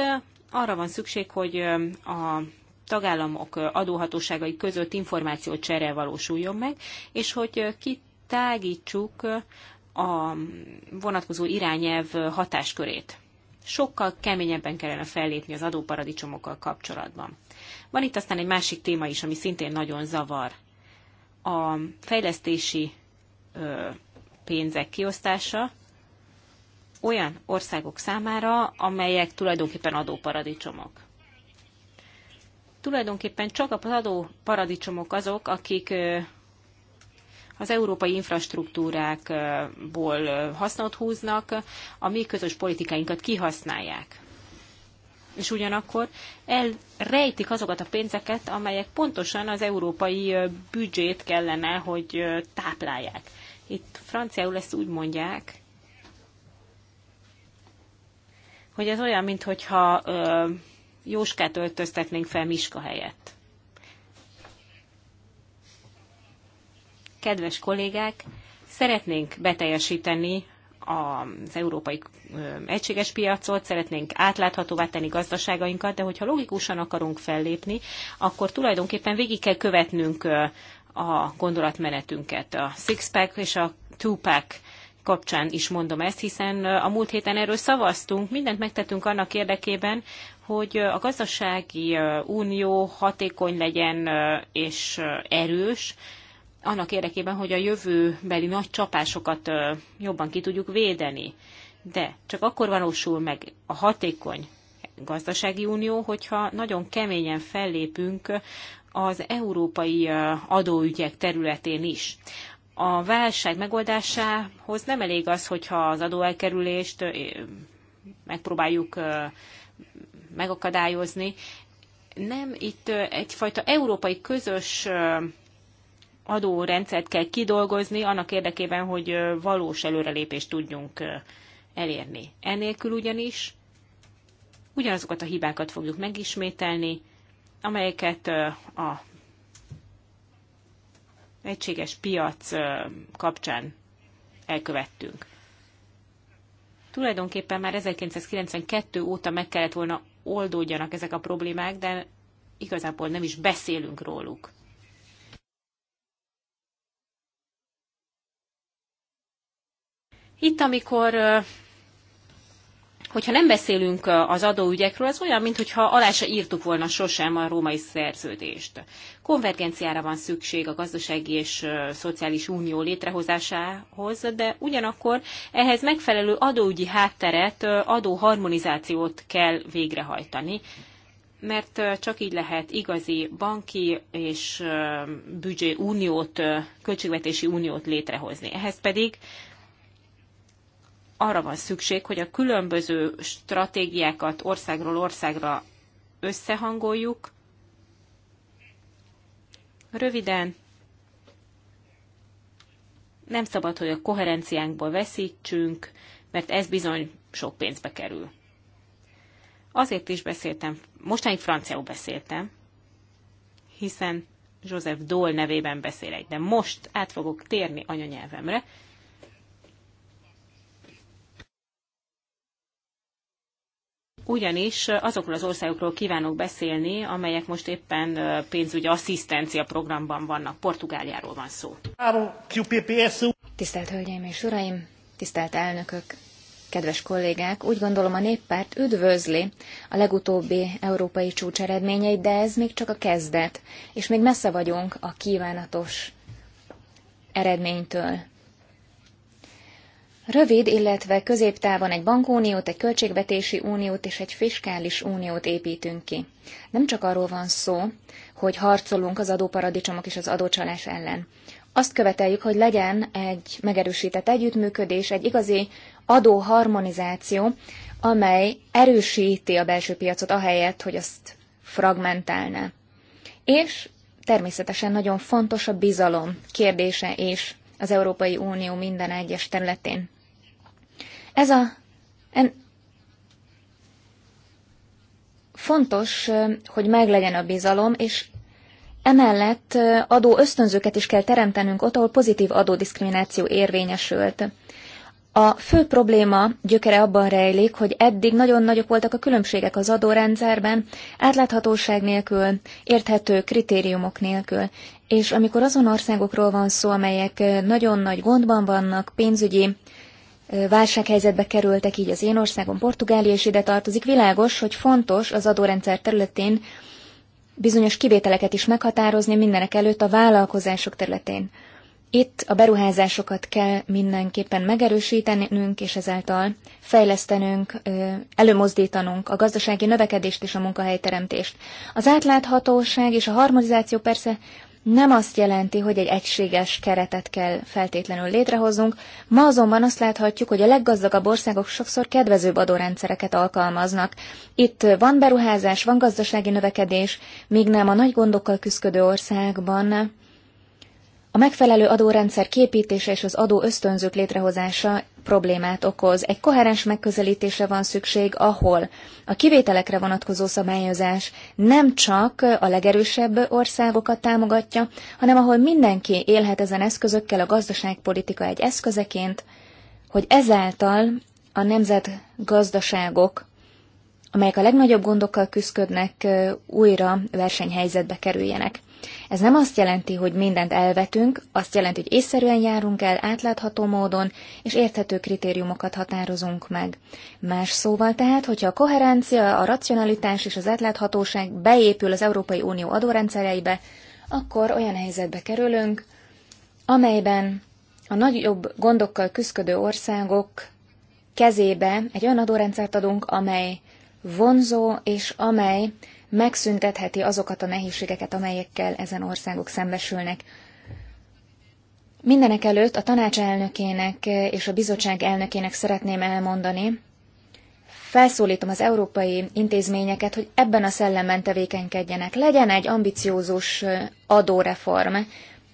arra van szükség, hogy a tagállamok adóhatóságai között információcsere valósuljon meg, és hogy ki tágítsuk a vonatkozó irányelv hatáskörét. Sokkal keményebben kellene fellépni az adóparadicsomokkal kapcsolatban. Van itt aztán egy másik téma is, ami szintén nagyon zavar. A fejlesztési pénzek kiosztása olyan országok számára, amelyek tulajdonképpen adóparadicsomok. Tulajdonképpen csak az adóparadicsomok azok, akik az európai infrastruktúrákból hasznot húznak, a mi közös politikáinkat kihasználják. És ugyanakkor elrejtik azokat a pénzeket, amelyek pontosan az európai büdzsét kellene, hogy táplálják. Itt franciául ezt úgy mondják, hogy ez olyan, mintha Jóskát öltöztetnénk fel Miska helyett. kedves kollégák, szeretnénk beteljesíteni az európai egységes piacot, szeretnénk átláthatóvá tenni gazdaságainkat, de hogyha logikusan akarunk fellépni, akkor tulajdonképpen végig kell követnünk a gondolatmenetünket. A six-pack és a two-pack kapcsán is mondom ezt, hiszen a múlt héten erről szavaztunk, mindent megtettünk annak érdekében, hogy a gazdasági unió hatékony legyen és erős, annak érdekében, hogy a jövőbeli nagy csapásokat jobban ki tudjuk védeni. De csak akkor valósul meg a hatékony gazdasági unió, hogyha nagyon keményen fellépünk az európai adóügyek területén is. A válság megoldásához nem elég az, hogyha az adóelkerülést megpróbáljuk megakadályozni. Nem, itt egyfajta európai közös adórendszert kell kidolgozni annak érdekében, hogy valós előrelépést tudjunk elérni. Enélkül ugyanis ugyanazokat a hibákat fogjuk megismételni, amelyeket a egységes piac kapcsán elkövettünk. Tulajdonképpen már 1992 óta meg kellett volna oldódjanak ezek a problémák, de igazából nem is beszélünk róluk. Itt, amikor hogyha nem beszélünk az adóügyekről, az olyan, mintha alá se írtuk volna sosem a római szerződést. Konvergenciára van szükség a gazdasági és szociális unió létrehozásához, de ugyanakkor ehhez megfelelő adóügyi hátteret, adóharmonizációt kell végrehajtani mert csak így lehet igazi banki és büdzsé uniót, költségvetési uniót létrehozni. Ehhez pedig arra van szükség, hogy a különböző stratégiákat országról országra összehangoljuk. Röviden, nem szabad, hogy a koherenciánkból veszítsünk, mert ez bizony sok pénzbe kerül. Azért is beszéltem, mostanáig franciául beszéltem, hiszen Joseph Dole nevében beszélek, de most át fogok térni anyanyelvemre, ugyanis azokról az országokról kívánok beszélni, amelyek most éppen pénzügyi asszisztencia programban vannak. Portugáliáról van szó. Tisztelt Hölgyeim és Uraim, tisztelt elnökök, kedves kollégák, úgy gondolom a néppárt üdvözli a legutóbbi európai csúcs eredményeit, de ez még csak a kezdet, és még messze vagyunk a kívánatos eredménytől. Rövid, illetve középtávon egy bankuniót, egy költségvetési uniót és egy fiskális uniót építünk ki. Nem csak arról van szó, hogy harcolunk az adóparadicsomok és az adócsalás ellen. Azt követeljük, hogy legyen egy megerősített együttműködés, egy igazi adóharmonizáció, amely erősíti a belső piacot ahelyett, hogy azt fragmentálná. És természetesen nagyon fontos a bizalom kérdése is az Európai Unió minden egyes területén. Ez a en, fontos, hogy meglegyen a bizalom, és emellett adó ösztönzőket is kell teremtenünk ott, ahol pozitív adódiszkrimináció érvényesült. A fő probléma gyökere abban rejlik, hogy eddig nagyon nagyok voltak a különbségek az adórendszerben, átláthatóság nélkül, érthető kritériumok nélkül, és amikor azon országokról van szó, amelyek nagyon nagy gondban vannak, pénzügyi válsághelyzetbe kerültek, így az én országom Portugália is ide tartozik. Világos, hogy fontos az adórendszer területén bizonyos kivételeket is meghatározni mindenek előtt a vállalkozások területén. Itt a beruházásokat kell mindenképpen megerősítenünk, és ezáltal fejlesztenünk, előmozdítanunk a gazdasági növekedést és a munkahelyteremtést. Az átláthatóság és a harmonizáció persze nem azt jelenti, hogy egy egységes keretet kell feltétlenül létrehoznunk, ma azonban azt láthatjuk, hogy a leggazdagabb országok sokszor kedvezőbb adórendszereket alkalmaznak. Itt van beruházás, van gazdasági növekedés, míg nem a nagy gondokkal küzdő országban a megfelelő adórendszer képítése és az adó ösztönzők létrehozása problémát okoz. Egy koherens megközelítésre van szükség, ahol a kivételekre vonatkozó szabályozás nem csak a legerősebb országokat támogatja, hanem ahol mindenki élhet ezen eszközökkel a gazdaságpolitika egy eszközeként, hogy ezáltal a nemzetgazdaságok, amelyek a legnagyobb gondokkal küzdködnek, újra versenyhelyzetbe kerüljenek. Ez nem azt jelenti, hogy mindent elvetünk, azt jelenti, hogy észszerűen járunk el, átlátható módon, és érthető kritériumokat határozunk meg. Más szóval tehát, hogyha a koherencia, a racionalitás és az átláthatóság beépül az Európai Unió adórendszereibe, akkor olyan helyzetbe kerülünk, amelyben a nagyobb gondokkal küzdködő országok kezébe egy olyan adórendszert adunk, amely vonzó, és amely megszüntetheti azokat a nehézségeket, amelyekkel ezen országok szembesülnek. Mindenek előtt a tanács elnökének és a bizottság elnökének szeretném elmondani, felszólítom az európai intézményeket, hogy ebben a szellemben tevékenykedjenek. Legyen egy ambiciózus adóreform.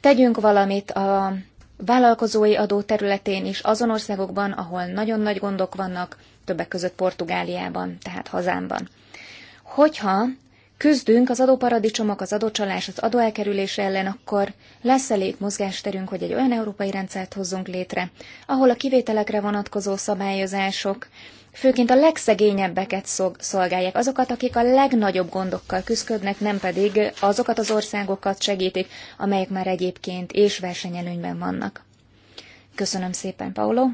Tegyünk valamit a vállalkozói adó területén is azon országokban, ahol nagyon nagy gondok vannak, többek között Portugáliában, tehát hazámban. Hogyha küzdünk az adóparadicsomok, az adócsalás, az adóelkerülés ellen, akkor lesz elég mozgásterünk, hogy egy olyan európai rendszert hozzunk létre, ahol a kivételekre vonatkozó szabályozások főként a legszegényebbeket szolgálják, azokat, akik a legnagyobb gondokkal küzdködnek, nem pedig azokat az országokat segítik, amelyek már egyébként és versenyelőnyben vannak. Köszönöm szépen, Paulo!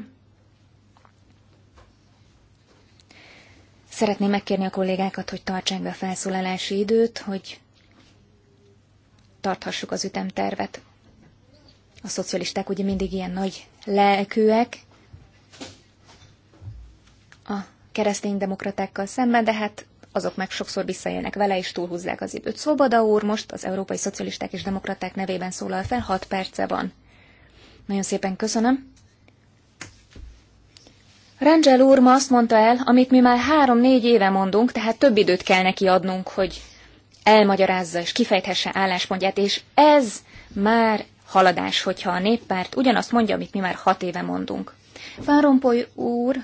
Szeretném megkérni a kollégákat, hogy tartsák be a felszólalási időt, hogy tarthassuk az ütemtervet. A szocialisták ugye mindig ilyen nagy lelkűek a kereszténydemokratákkal szemben, de hát azok meg sokszor visszaélnek vele, és túlhúzzák az időt. Szoboda úr most az Európai Szocialisták és Demokraták nevében szólal fel, 6 perce van. Nagyon szépen köszönöm. Rangel úr ma azt mondta el, amit mi már három-négy éve mondunk, tehát több időt kell neki adnunk, hogy elmagyarázza és kifejthesse álláspontját, és ez már haladás, hogyha a néppárt ugyanazt mondja, amit mi már hat éve mondunk. Van Rompuy úr,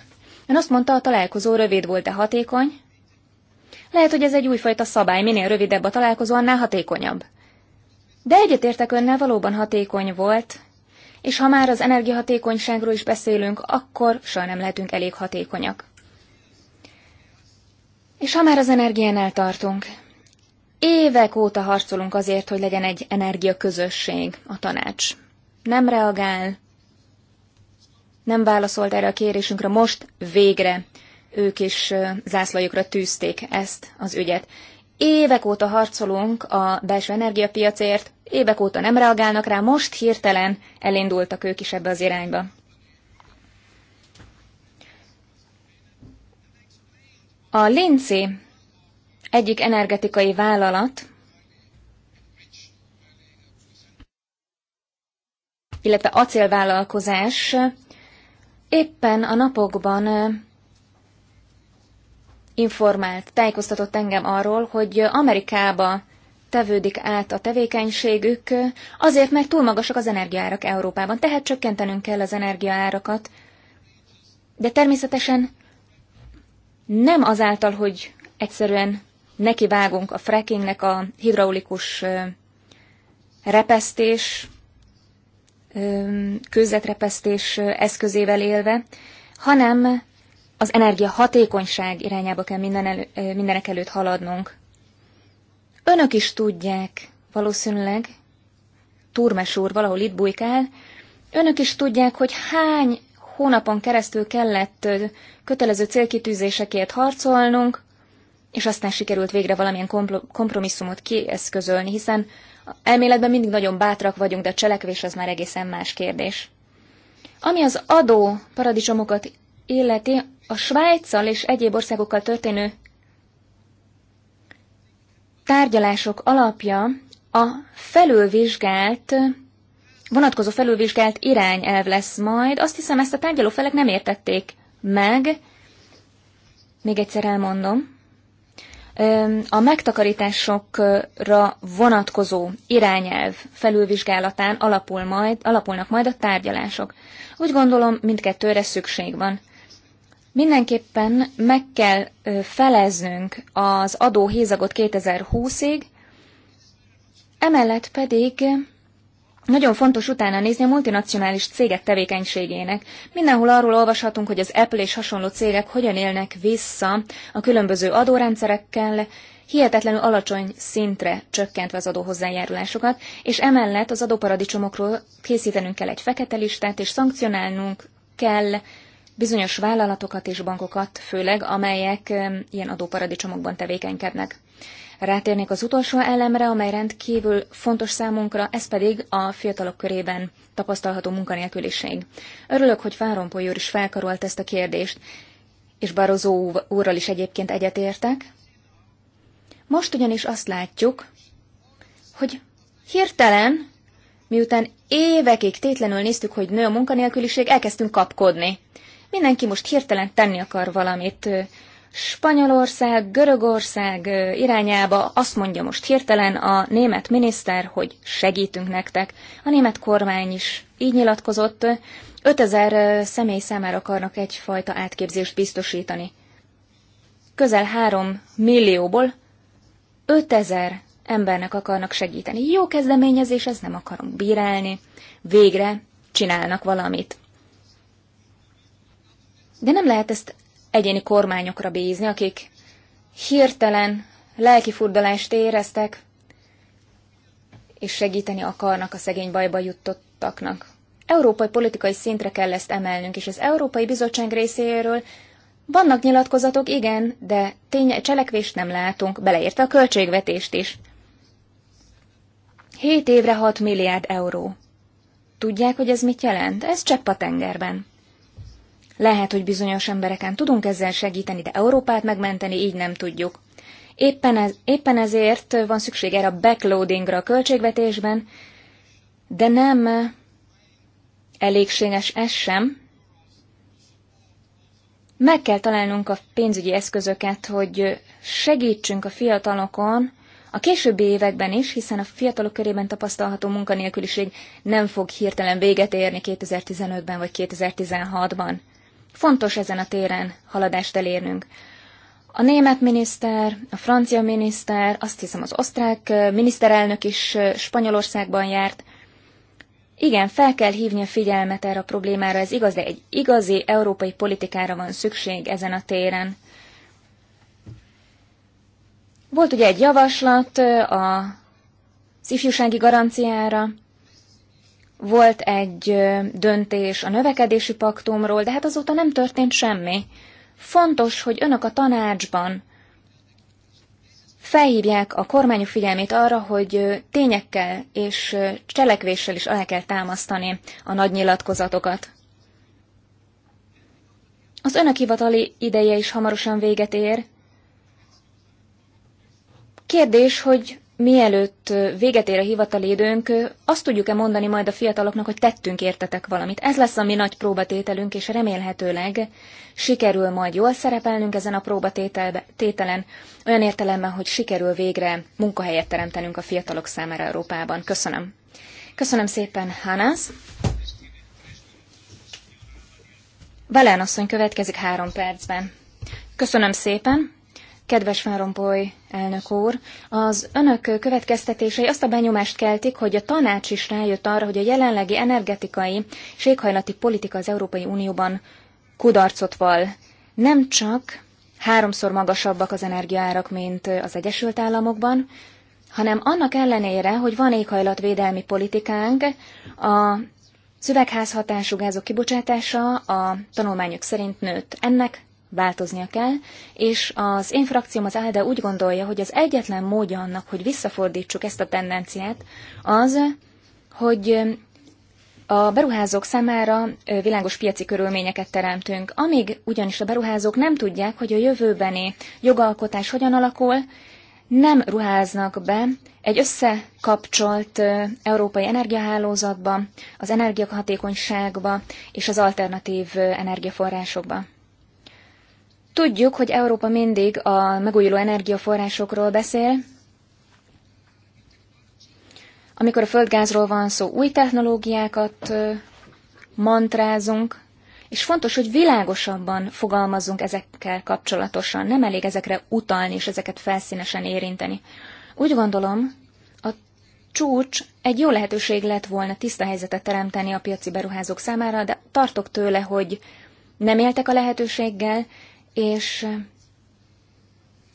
ön azt mondta, a találkozó rövid volt de hatékony? Lehet, hogy ez egy újfajta szabály, minél rövidebb a találkozó, annál hatékonyabb. De egyetértek önnel, valóban hatékony volt, és ha már az energiahatékonyságról is beszélünk, akkor soha nem lehetünk elég hatékonyak. És ha már az energiánál tartunk, évek óta harcolunk azért, hogy legyen egy energiaközösség a tanács. Nem reagál, nem válaszolt erre a kérésünkre, most végre ők is zászlajukra tűzték ezt az ügyet. Évek óta harcolunk a belső energiapiacért, évek óta nem reagálnak rá, most hirtelen elindultak ők is ebbe az irányba. A Linci egyik energetikai vállalat, illetve acélvállalkozás éppen a napokban informált, tájékoztatott engem arról, hogy Amerikába tevődik át a tevékenységük, azért, mert túl magasak az energiaárak Európában, tehát csökkentenünk kell az energiaárakat. De természetesen nem azáltal, hogy egyszerűen nekivágunk a frackingnek, a hidraulikus repesztés, kőzetrepesztés eszközével élve, hanem az energia hatékonyság irányába kell minden elő, mindenek előtt haladnunk. Önök is tudják, valószínűleg, Turmes úr valahol itt bujkál, önök is tudják, hogy hány hónapon keresztül kellett kötelező célkitűzésekért harcolnunk, és aztán sikerült végre valamilyen kompromisszumot kieszközölni, hiszen elméletben mindig nagyon bátrak vagyunk, de a cselekvés az már egészen más kérdés. Ami az adó paradicsomokat illeti, a Svájccal és egyéb országokkal történő tárgyalások alapja a felülvizsgált, vonatkozó felülvizsgált irányelv lesz majd. Azt hiszem, ezt a tárgyaló felek nem értették meg. Még egyszer elmondom. A megtakarításokra vonatkozó irányelv felülvizsgálatán alapul majd, alapulnak majd a tárgyalások. Úgy gondolom, mindkettőre szükség van. Mindenképpen meg kell feleznünk az adóhézagot 2020-ig, emellett pedig nagyon fontos utána nézni a multinacionális cégek tevékenységének. Mindenhol arról olvashatunk, hogy az Apple és hasonló cégek hogyan élnek vissza a különböző adórendszerekkel, hihetetlenül alacsony szintre csökkentve az adóhozzájárulásokat, és emellett az adóparadicsomokról készítenünk kell egy fekete listát, és szankcionálnunk kell bizonyos vállalatokat és bankokat, főleg amelyek ilyen adóparadicsomokban tevékenykednek. Rátérnék az utolsó elemre, amely rendkívül fontos számunkra, ez pedig a fiatalok körében tapasztalható munkanélküliség. Örülök, hogy fáron úr is felkarolt ezt a kérdést, és Barozó úrral is egyébként egyetértek. Most ugyanis azt látjuk, hogy hirtelen, miután évekig tétlenül néztük, hogy nő a munkanélküliség, elkezdtünk kapkodni. Mindenki most hirtelen tenni akar valamit. Spanyolország, Görögország irányába azt mondja most hirtelen a német miniszter, hogy segítünk nektek. A német kormány is így nyilatkozott, 5000 személy számára akarnak egyfajta átképzést biztosítani. Közel 3 millióból 5000 embernek akarnak segíteni. Jó kezdeményezés, ez nem akarom bírálni. Végre csinálnak valamit. De nem lehet ezt egyéni kormányokra bízni, akik hirtelen lelkifurdalást éreztek, és segíteni akarnak a szegény bajba juttottaknak. Európai politikai szintre kell ezt emelnünk, és az Európai Bizottság részéről vannak nyilatkozatok, igen, de tény cselekvést nem látunk, beleérte a költségvetést is. 7 évre 6 milliárd euró. Tudják, hogy ez mit jelent? Ez csepp a tengerben. Lehet, hogy bizonyos embereken tudunk ezzel segíteni, de Európát megmenteni így nem tudjuk. Éppen, ez, éppen ezért van szükség erre a backloadingra a költségvetésben, de nem elégséges ez sem. Meg kell találnunk a pénzügyi eszközöket, hogy segítsünk a fiatalokon, a későbbi években is, hiszen a fiatalok körében tapasztalható munkanélküliség nem fog hirtelen véget érni 2015-ben vagy 2016-ban. Fontos ezen a téren haladást elérnünk. A német miniszter, a francia miniszter, azt hiszem az osztrák miniszterelnök is Spanyolországban járt. Igen, fel kell hívni a figyelmet erre a problémára, ez igaz, de egy igazi európai politikára van szükség ezen a téren. Volt ugye egy javaslat a ifjúsági garanciára, volt egy döntés a növekedési paktumról, de hát azóta nem történt semmi. Fontos, hogy önök a tanácsban felhívják a kormányok figyelmét arra, hogy tényekkel és cselekvéssel is alá kell támasztani a nagy nyilatkozatokat. Az önök hivatali ideje is hamarosan véget ér. Kérdés, hogy mielőtt véget ér a hivatali időnk, azt tudjuk-e mondani majd a fiataloknak, hogy tettünk értetek valamit. Ez lesz a mi nagy próbatételünk, és remélhetőleg sikerül majd jól szerepelnünk ezen a próbatételen, olyan értelemben, hogy sikerül végre munkahelyet teremtenünk a fiatalok számára Európában. Köszönöm. Köszönöm szépen, Hánász. Velen asszony következik három percben. Köszönöm szépen. Kedves Fárompoly elnök úr, az önök következtetései azt a benyomást keltik, hogy a tanács is rájött arra, hogy a jelenlegi energetikai és éghajlati politika az Európai Unióban kudarcot val. Nem csak háromszor magasabbak az energiaárak, mint az Egyesült Államokban, hanem annak ellenére, hogy van éghajlatvédelmi politikánk, a szüvegházhatású gázok kibocsátása a tanulmányok szerint nőtt. Ennek változnia kell, és az én frakcióm, az ALDE úgy gondolja, hogy az egyetlen módja annak, hogy visszafordítsuk ezt a tendenciát, az, hogy a beruházók számára világos piaci körülményeket teremtünk, amíg ugyanis a beruházók nem tudják, hogy a jövőbeni jogalkotás hogyan alakul, nem ruháznak be egy összekapcsolt európai energiahálózatba, az energiahatékonyságba és az alternatív energiaforrásokba. Tudjuk, hogy Európa mindig a megújuló energiaforrásokról beszél. Amikor a földgázról van szó, új technológiákat mantrázunk, és fontos, hogy világosabban fogalmazzunk ezekkel kapcsolatosan. Nem elég ezekre utalni és ezeket felszínesen érinteni. Úgy gondolom, a csúcs egy jó lehetőség lett volna tiszta helyzetet teremteni a piaci beruházók számára, de tartok tőle, hogy nem éltek a lehetőséggel, és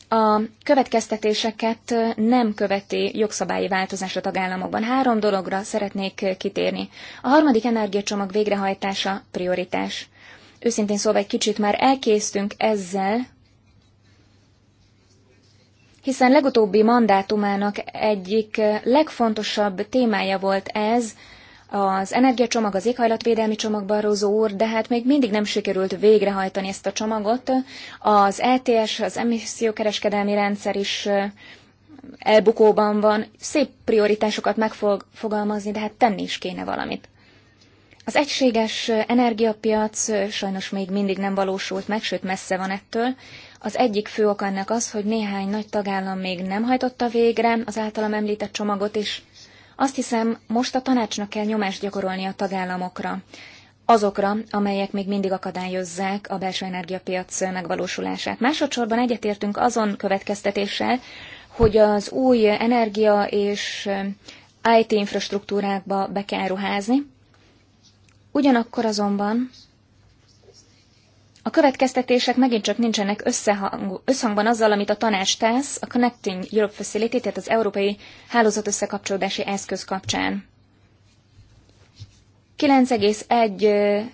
a következtetéseket nem követi jogszabályi változás a tagállamokban. Három dologra szeretnék kitérni. A harmadik energiacsomag végrehajtása prioritás. Őszintén szólva egy kicsit már elkésztünk ezzel, hiszen legutóbbi mandátumának egyik legfontosabb témája volt ez, az energiacsomag, az éghajlatvédelmi csomag Barroso úr, de hát még mindig nem sikerült végrehajtani ezt a csomagot. Az ETS, az emissziókereskedelmi rendszer is elbukóban van, szép prioritásokat meg fog fogalmazni, de hát tenni is kéne valamit. Az egységes energiapiac sajnos még mindig nem valósult meg, sőt messze van ettől. Az egyik fő ok ennek az, hogy néhány nagy tagállam még nem hajtotta végre az általam említett csomagot, és azt hiszem, most a tanácsnak kell nyomást gyakorolni a tagállamokra. Azokra, amelyek még mindig akadályozzák a belső energiapiac megvalósulását. Másodszorban egyetértünk azon következtetéssel, hogy az új energia és eh, IT infrastruktúrákba be kell ruházni. Ugyanakkor azonban a következtetések megint csak nincsenek összehang, összhangban azzal, amit a tanács tesz a Connecting Europe Facility, tehát az Európai Hálózat Összekapcsolódási Eszköz kapcsán. 9,1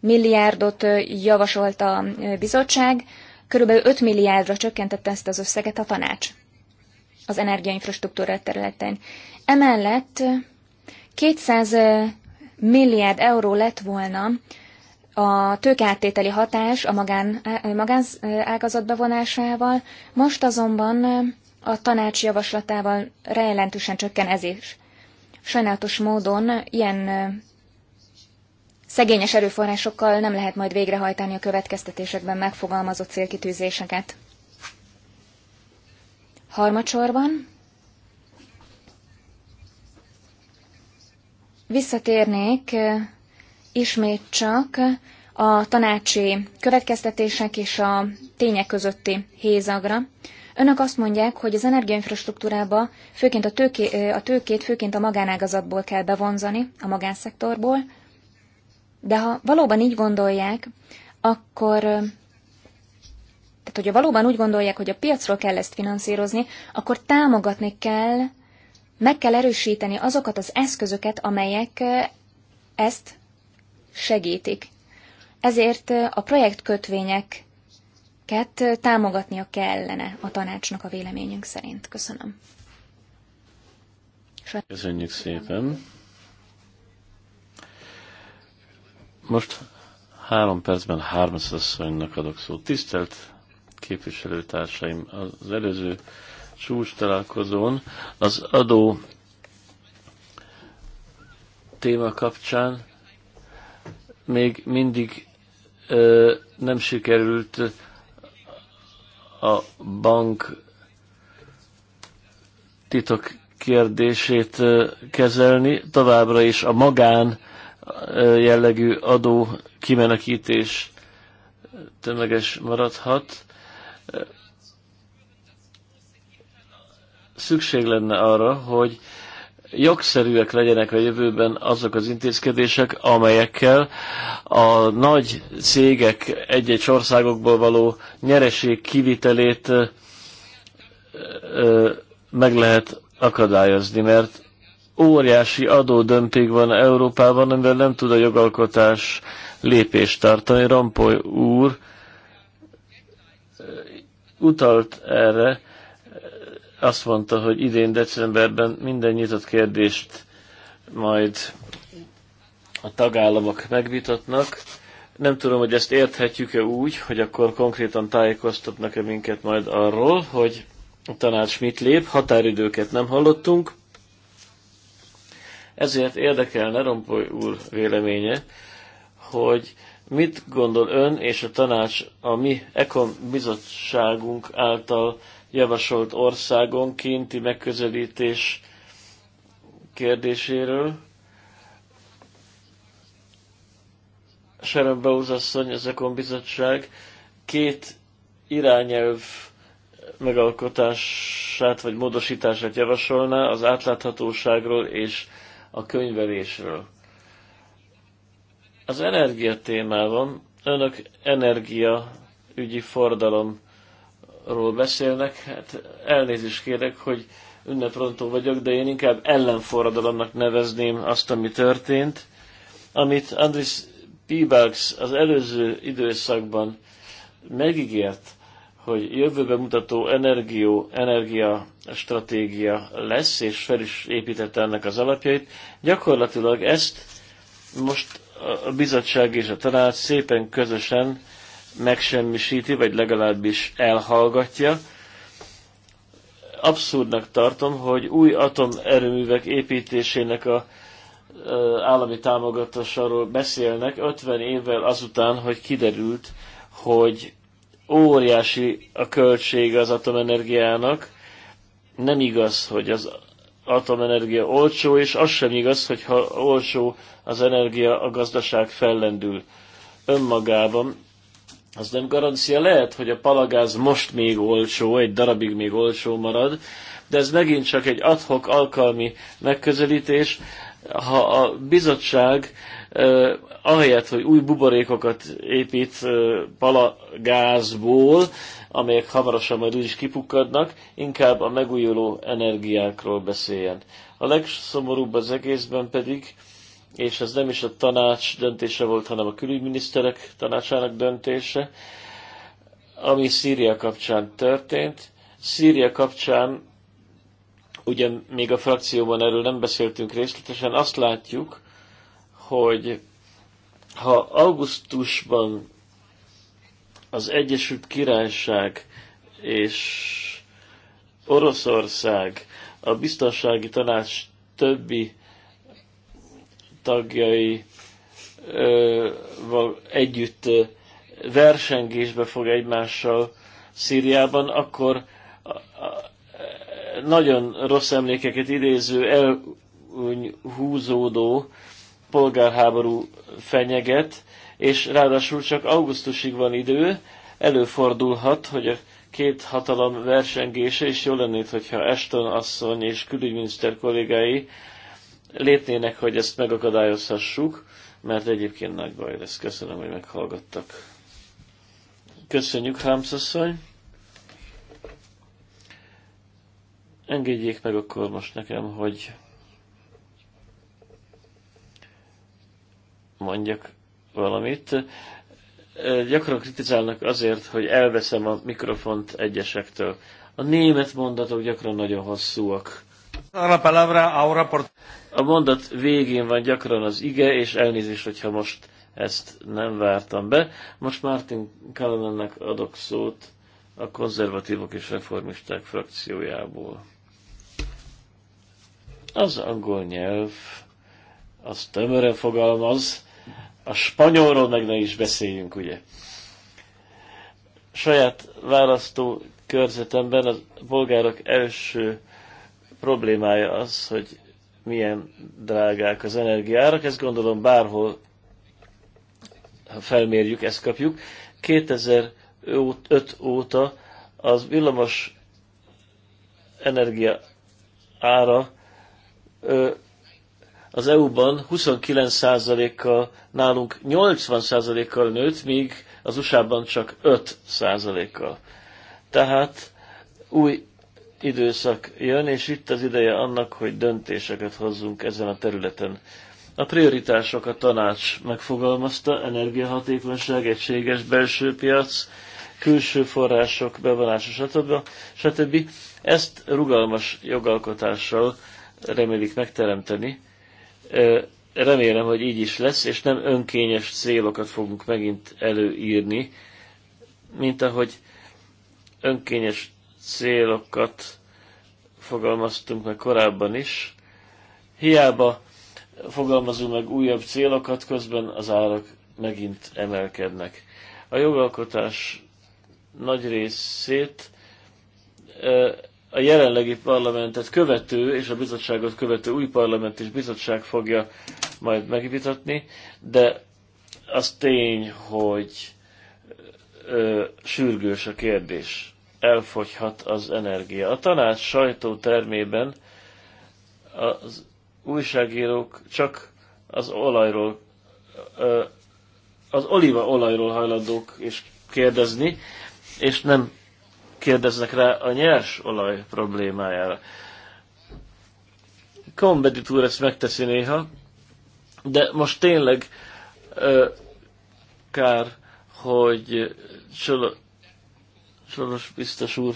milliárdot javasolt a bizottság, körülbelül 5 milliárdra csökkentette ezt az összeget a tanács az energiainfrastruktúra területén. Emellett 200 milliárd euró lett volna a tőkeáttételi hatás a magán, magánágazat bevonásával, most azonban a tanács javaslatával rejelentősen csökken ez is. Sajnálatos módon ilyen szegényes erőforrásokkal nem lehet majd végrehajtani a következtetésekben megfogalmazott célkitűzéseket. Harmadsorban visszatérnék ismét csak a tanácsi következtetések és a tények közötti hézagra. Önök azt mondják, hogy az energiainfrastruktúrába főként a, tőké, a tőkét főként a magánágazatból kell bevonzani, a magánszektorból, de ha valóban így gondolják, akkor tehát, hogyha valóban úgy gondolják, hogy a piacról kell ezt finanszírozni, akkor támogatni kell, meg kell erősíteni azokat az eszközöket, amelyek ezt segítik. Ezért a projektkötvényeket támogatnia kellene a tanácsnak a véleményünk szerint. Köszönöm. Köszönjük szépen. Most három percben Hármasz adok szót. Tisztelt képviselőtársaim, az előző csúcs találkozón az adó téma kapcsán még mindig ö, nem sikerült a bank titok kérdését kezelni, továbbra is a magán jellegű adó kimenekítés tömeges maradhat. Szükség lenne arra, hogy jogszerűek legyenek a jövőben azok az intézkedések, amelyekkel a nagy cégek egy-egy országokból való nyereség kivitelét meg lehet akadályozni, mert óriási adódömpig van Európában, amivel nem tud a jogalkotás lépést tartani. Rampoly úr utalt erre, azt mondta, hogy idén decemberben minden nyitott kérdést majd a tagállamok megvitatnak. Nem tudom, hogy ezt érthetjük-e úgy, hogy akkor konkrétan tájékoztatnak-e minket majd arról, hogy a tanács mit lép, határidőket nem hallottunk. Ezért érdekelne Rompoly úr véleménye, hogy mit gondol ön és a tanács a mi Ekon bizottságunk által javasolt országonkénti megközelítés kérdéséről. Sharon Bowes asszony, az Ekon Bizottság két irányelv megalkotását vagy módosítását javasolná az átláthatóságról és a könyvelésről. Az energia témában önök energia ügyi fordalom ról beszélnek, hát elnézést kérek, hogy ünneprontó vagyok, de én inkább ellenforradalomnak nevezném azt, ami történt, amit Andris Pibax az előző időszakban megígért, hogy jövőbe mutató energió, energia stratégia lesz, és fel is építette ennek az alapjait. Gyakorlatilag ezt most a bizottság és a tanács szépen közösen megsemmisíti, vagy legalábbis elhallgatja. Abszurdnak tartom, hogy új atomerőművek építésének a állami támogatásáról beszélnek 50 évvel azután, hogy kiderült, hogy óriási a költsége az atomenergiának. Nem igaz, hogy az atomenergia olcsó, és az sem igaz, hogy ha olcsó az energia, a gazdaság fellendül. Önmagában az nem garancia. Lehet, hogy a palagáz most még olcsó, egy darabig még olcsó marad, de ez megint csak egy adhok alkalmi megközelítés. Ha a bizottság eh, ahelyett, hogy új buborékokat épít eh, palagázból, amelyek hamarosan majd úgyis kipukkadnak, inkább a megújuló energiákról beszéljen. A legszomorúbb az egészben pedig, és ez nem is a tanács döntése volt, hanem a külügyminiszterek tanácsának döntése, ami Szíria kapcsán történt. Szíria kapcsán, ugye még a frakcióban erről nem beszéltünk részletesen, azt látjuk, hogy ha augusztusban az Egyesült Királyság és Oroszország a biztonsági tanács többi tagjai együtt versengésbe fog egymással Szíriában, akkor nagyon rossz emlékeket idéző, elhúzódó polgárháború fenyeget, és ráadásul csak augusztusig van idő, előfordulhat, hogy a két hatalom versengése, és jó lenne, hogyha Ashton asszony és külügyminiszter kollégái lépnének, hogy ezt megakadályozhassuk, mert egyébként nagy baj lesz. Köszönöm, hogy meghallgattak. Köszönjük, Hámszasszony! Engedjék meg akkor most nekem, hogy mondjak valamit. Gyakran kritizálnak azért, hogy elveszem a mikrofont egyesektől. A német mondatok gyakran nagyon hosszúak. A mondat végén van gyakran az ige, és elnézést, hogyha most ezt nem vártam be. Most Martin Kalanennek adok szót a konzervatívok és reformisták frakciójából. Az angol nyelv, az tömören fogalmaz, a spanyolról meg ne is beszéljünk, ugye. Saját választó körzetemben a polgárok első problémája az, hogy milyen drágák az energiárak. Ezt gondolom bárhol, ha felmérjük, ezt kapjuk. 2005 óta az villamos energia ára az EU-ban 29%-kal, nálunk 80%-kal nőtt, míg az USA-ban csak 5%-kal. Tehát új időszak jön, és itt az ideje annak, hogy döntéseket hozzunk ezen a területen. A prioritások a tanács megfogalmazta, energiahatékonyság, egységes belső piac, külső források bevonása, stb. stb. Ezt rugalmas jogalkotással remélik megteremteni. Remélem, hogy így is lesz, és nem önkényes célokat fogunk megint előírni, mint ahogy önkényes célokat fogalmaztunk meg korábban is. Hiába fogalmazunk meg újabb célokat, közben az árak megint emelkednek. A jogalkotás nagy részét a jelenlegi parlamentet követő és a bizottságot követő új parlament és bizottság fogja majd megvitatni, de az tény, hogy ö, sürgős a kérdés elfogyhat az energia. A tanács sajtótermében az újságírók csak az olajról, az oliva olajról hajlandók és kérdezni, és nem kérdeznek rá a nyers olaj problémájára. Kombedit úr ezt megteszi néha, de most tényleg kár, hogy Soros biztos úr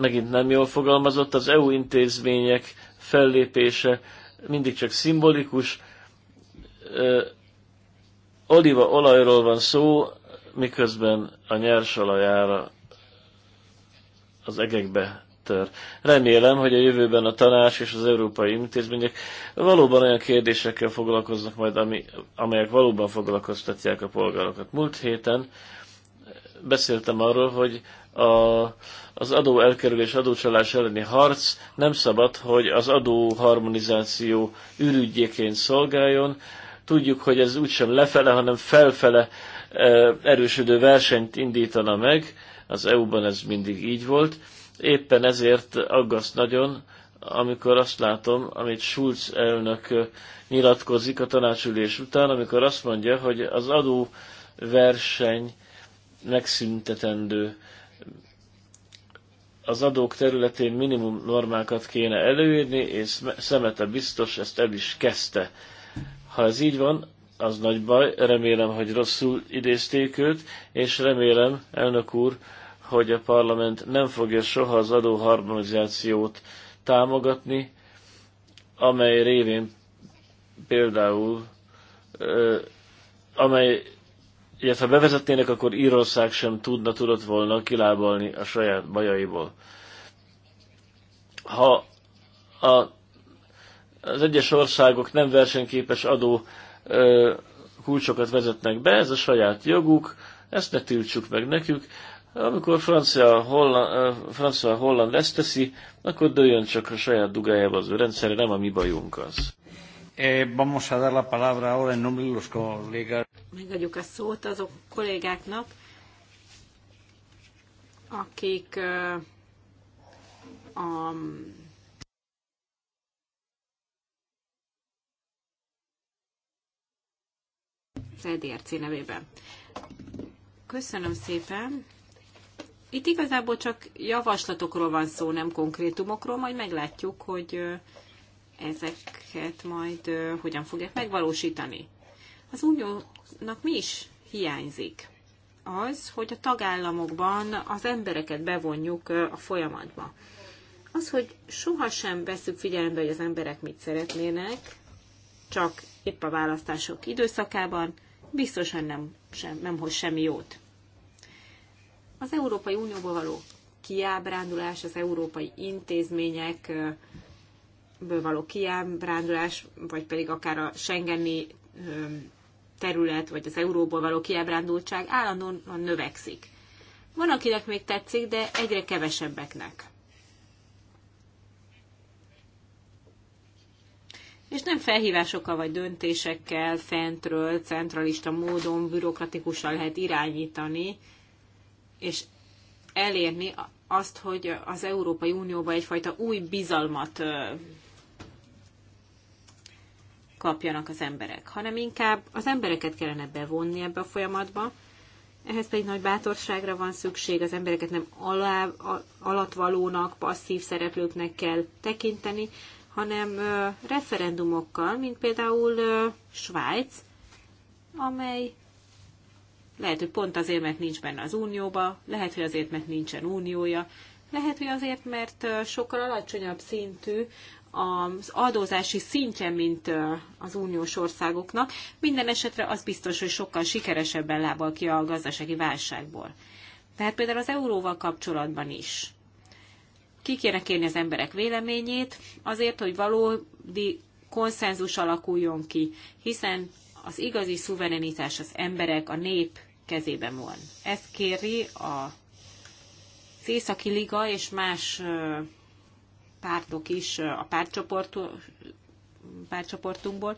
megint nem jól fogalmazott, az EU intézmények fellépése mindig csak szimbolikus. Oliva olajról van szó, miközben a nyers olajára az egekbe tör. Remélem, hogy a jövőben a tanács és az európai intézmények valóban olyan kérdésekkel foglalkoznak majd, ami, amelyek valóban foglalkoztatják a polgárokat. Múlt héten beszéltem arról, hogy a, az adó elkerülés, adócsalás elleni harc nem szabad, hogy az adó harmonizáció ürügyjeként szolgáljon. Tudjuk, hogy ez úgysem lefele, hanem felfele e, erősödő versenyt indítana meg. Az EU-ban ez mindig így volt. Éppen ezért aggaszt nagyon, amikor azt látom, amit Schulz elnök e, nyilatkozik a tanácsülés után, amikor azt mondja, hogy az adó verseny megszüntetendő. Az adók területén minimum normákat kéne előírni, és szemete biztos ezt el is kezdte. Ha ez így van, az nagy baj, remélem, hogy rosszul idézték őt, és remélem, elnök úr, hogy a parlament nem fogja soha az adóharmonizációt támogatni, amely révén például, amely illetve ha bevezetnének, akkor Írország sem tudna, tudott volna kilábalni a saját bajaiból. Ha a, az egyes országok nem versenyképes adó ö, kulcsokat vezetnek be, ez a saját joguk, ezt ne tiltsuk meg nekük. Amikor francia holland, francia holland ezt teszi, akkor dőljön csak a saját dugájába az ő rendszerre, nem a mi bajunk az. Eh, vamos a dar la palabra ahora en nombre de los colegas. Megadjuk a szót azok kollégáknak, akik eh, a az e nevében. Köszönöm szépen. Itt igazából csak javaslatokról van szó, nem konkrétumokról, majd meglátjuk, hogy eh, ezeket majd hogyan fogják megvalósítani. Az uniónak mi is hiányzik? Az, hogy a tagállamokban az embereket bevonjuk a folyamatba. Az, hogy sohasem veszük figyelembe, hogy az emberek mit szeretnének, csak épp a választások időszakában, biztosan nem, sem, nem hoz semmi jót. Az Európai Unióba való kiábrándulás, az európai intézmények ből való kiábrándulás, vagy pedig akár a Schengeni terület, vagy az euróból való kiábrándultság állandóan növekszik. Van, akinek még tetszik, de egyre kevesebbeknek. És nem felhívásokkal vagy döntésekkel fentről, centralista módon, bürokratikusan lehet irányítani, és elérni azt, hogy az Európai Unióba egyfajta új bizalmat kapjanak az emberek, hanem inkább az embereket kellene bevonni ebbe a folyamatba, ehhez pedig nagy bátorságra van szükség, az embereket nem alá, alatvalónak, passzív szereplőknek kell tekinteni, hanem ö, referendumokkal, mint például ö, Svájc, amely lehet, hogy pont azért, mert nincs benne az unióba, lehet, hogy azért, mert nincsen uniója, lehet, hogy azért, mert sokkal alacsonyabb szintű az adózási szintje, mint az uniós országoknak. Minden esetre az biztos, hogy sokkal sikeresebben lábal ki a gazdasági válságból. Tehát például az euróval kapcsolatban is. Ki kéne kérni az emberek véleményét azért, hogy valódi konszenzus alakuljon ki, hiszen az igazi szuverenitás az emberek, a nép kezében van. Ezt kéri a Északi Liga és más pártok is a pártcsoport, pártcsoportunkból,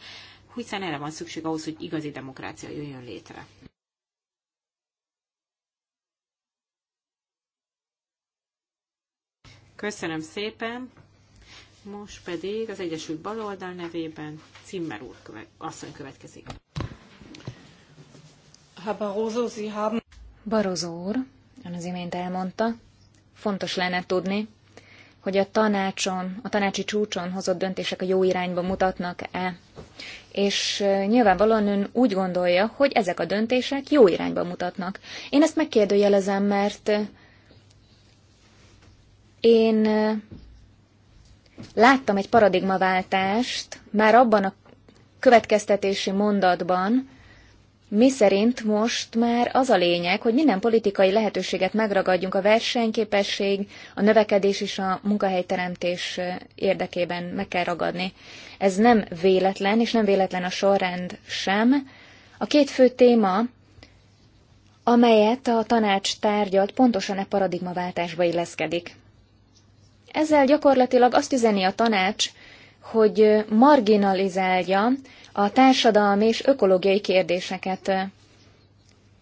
hiszen erre van szükség ahhoz, hogy igazi demokrácia jöjjön létre. Köszönöm szépen! Most pedig az Egyesült Baloldal nevében Zimmer úr követ, asszony következik. Barozó úr, ön az imént elmondta, fontos lenne tudni, hogy a tanácson, a tanácsi csúcson hozott döntések a jó irányba mutatnak-e. És nyilvánvalóan ön úgy gondolja, hogy ezek a döntések jó irányba mutatnak. Én ezt megkérdőjelezem, mert én láttam egy paradigmaváltást már abban a következtetési mondatban, mi szerint most már az a lényeg, hogy minden politikai lehetőséget megragadjunk a versenyképesség, a növekedés és a munkahelyteremtés érdekében meg kell ragadni. Ez nem véletlen, és nem véletlen a sorrend sem. A két fő téma, amelyet a tanács tárgyalt, pontosan e paradigmaváltásba illeszkedik. Ezzel gyakorlatilag azt üzeni a tanács, hogy marginalizálja a társadalmi és ökológiai kérdéseket.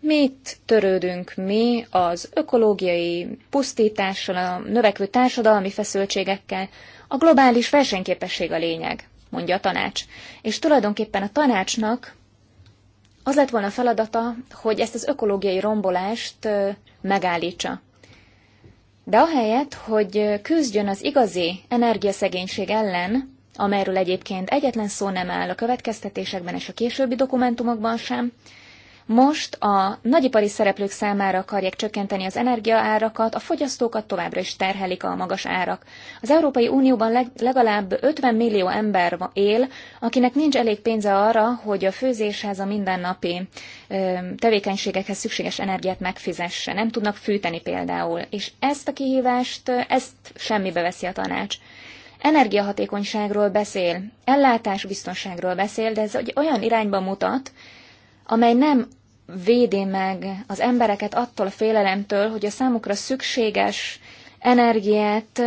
Mit törődünk mi az ökológiai pusztítással, a növekvő társadalmi feszültségekkel? A globális versenyképesség a lényeg, mondja a tanács. És tulajdonképpen a tanácsnak az lett volna feladata, hogy ezt az ökológiai rombolást megállítsa. De ahelyett, hogy küzdjön az igazi energiaszegénység ellen, amelyről egyébként egyetlen szó nem áll a következtetésekben és a későbbi dokumentumokban sem, most a nagyipari szereplők számára akarják csökkenteni az energiaárakat, a fogyasztókat továbbra is terhelik a magas árak. Az Európai Unióban legalább 50 millió ember él, akinek nincs elég pénze arra, hogy a főzéshez, a mindennapi ö, tevékenységekhez szükséges energiát megfizesse. Nem tudnak fűteni például. És ezt a kihívást, ezt semmibe veszi a tanács energiahatékonyságról beszél, ellátásbiztonságról beszél, de ez egy olyan irányba mutat, amely nem védi meg az embereket attól a félelemtől, hogy a számukra szükséges energiát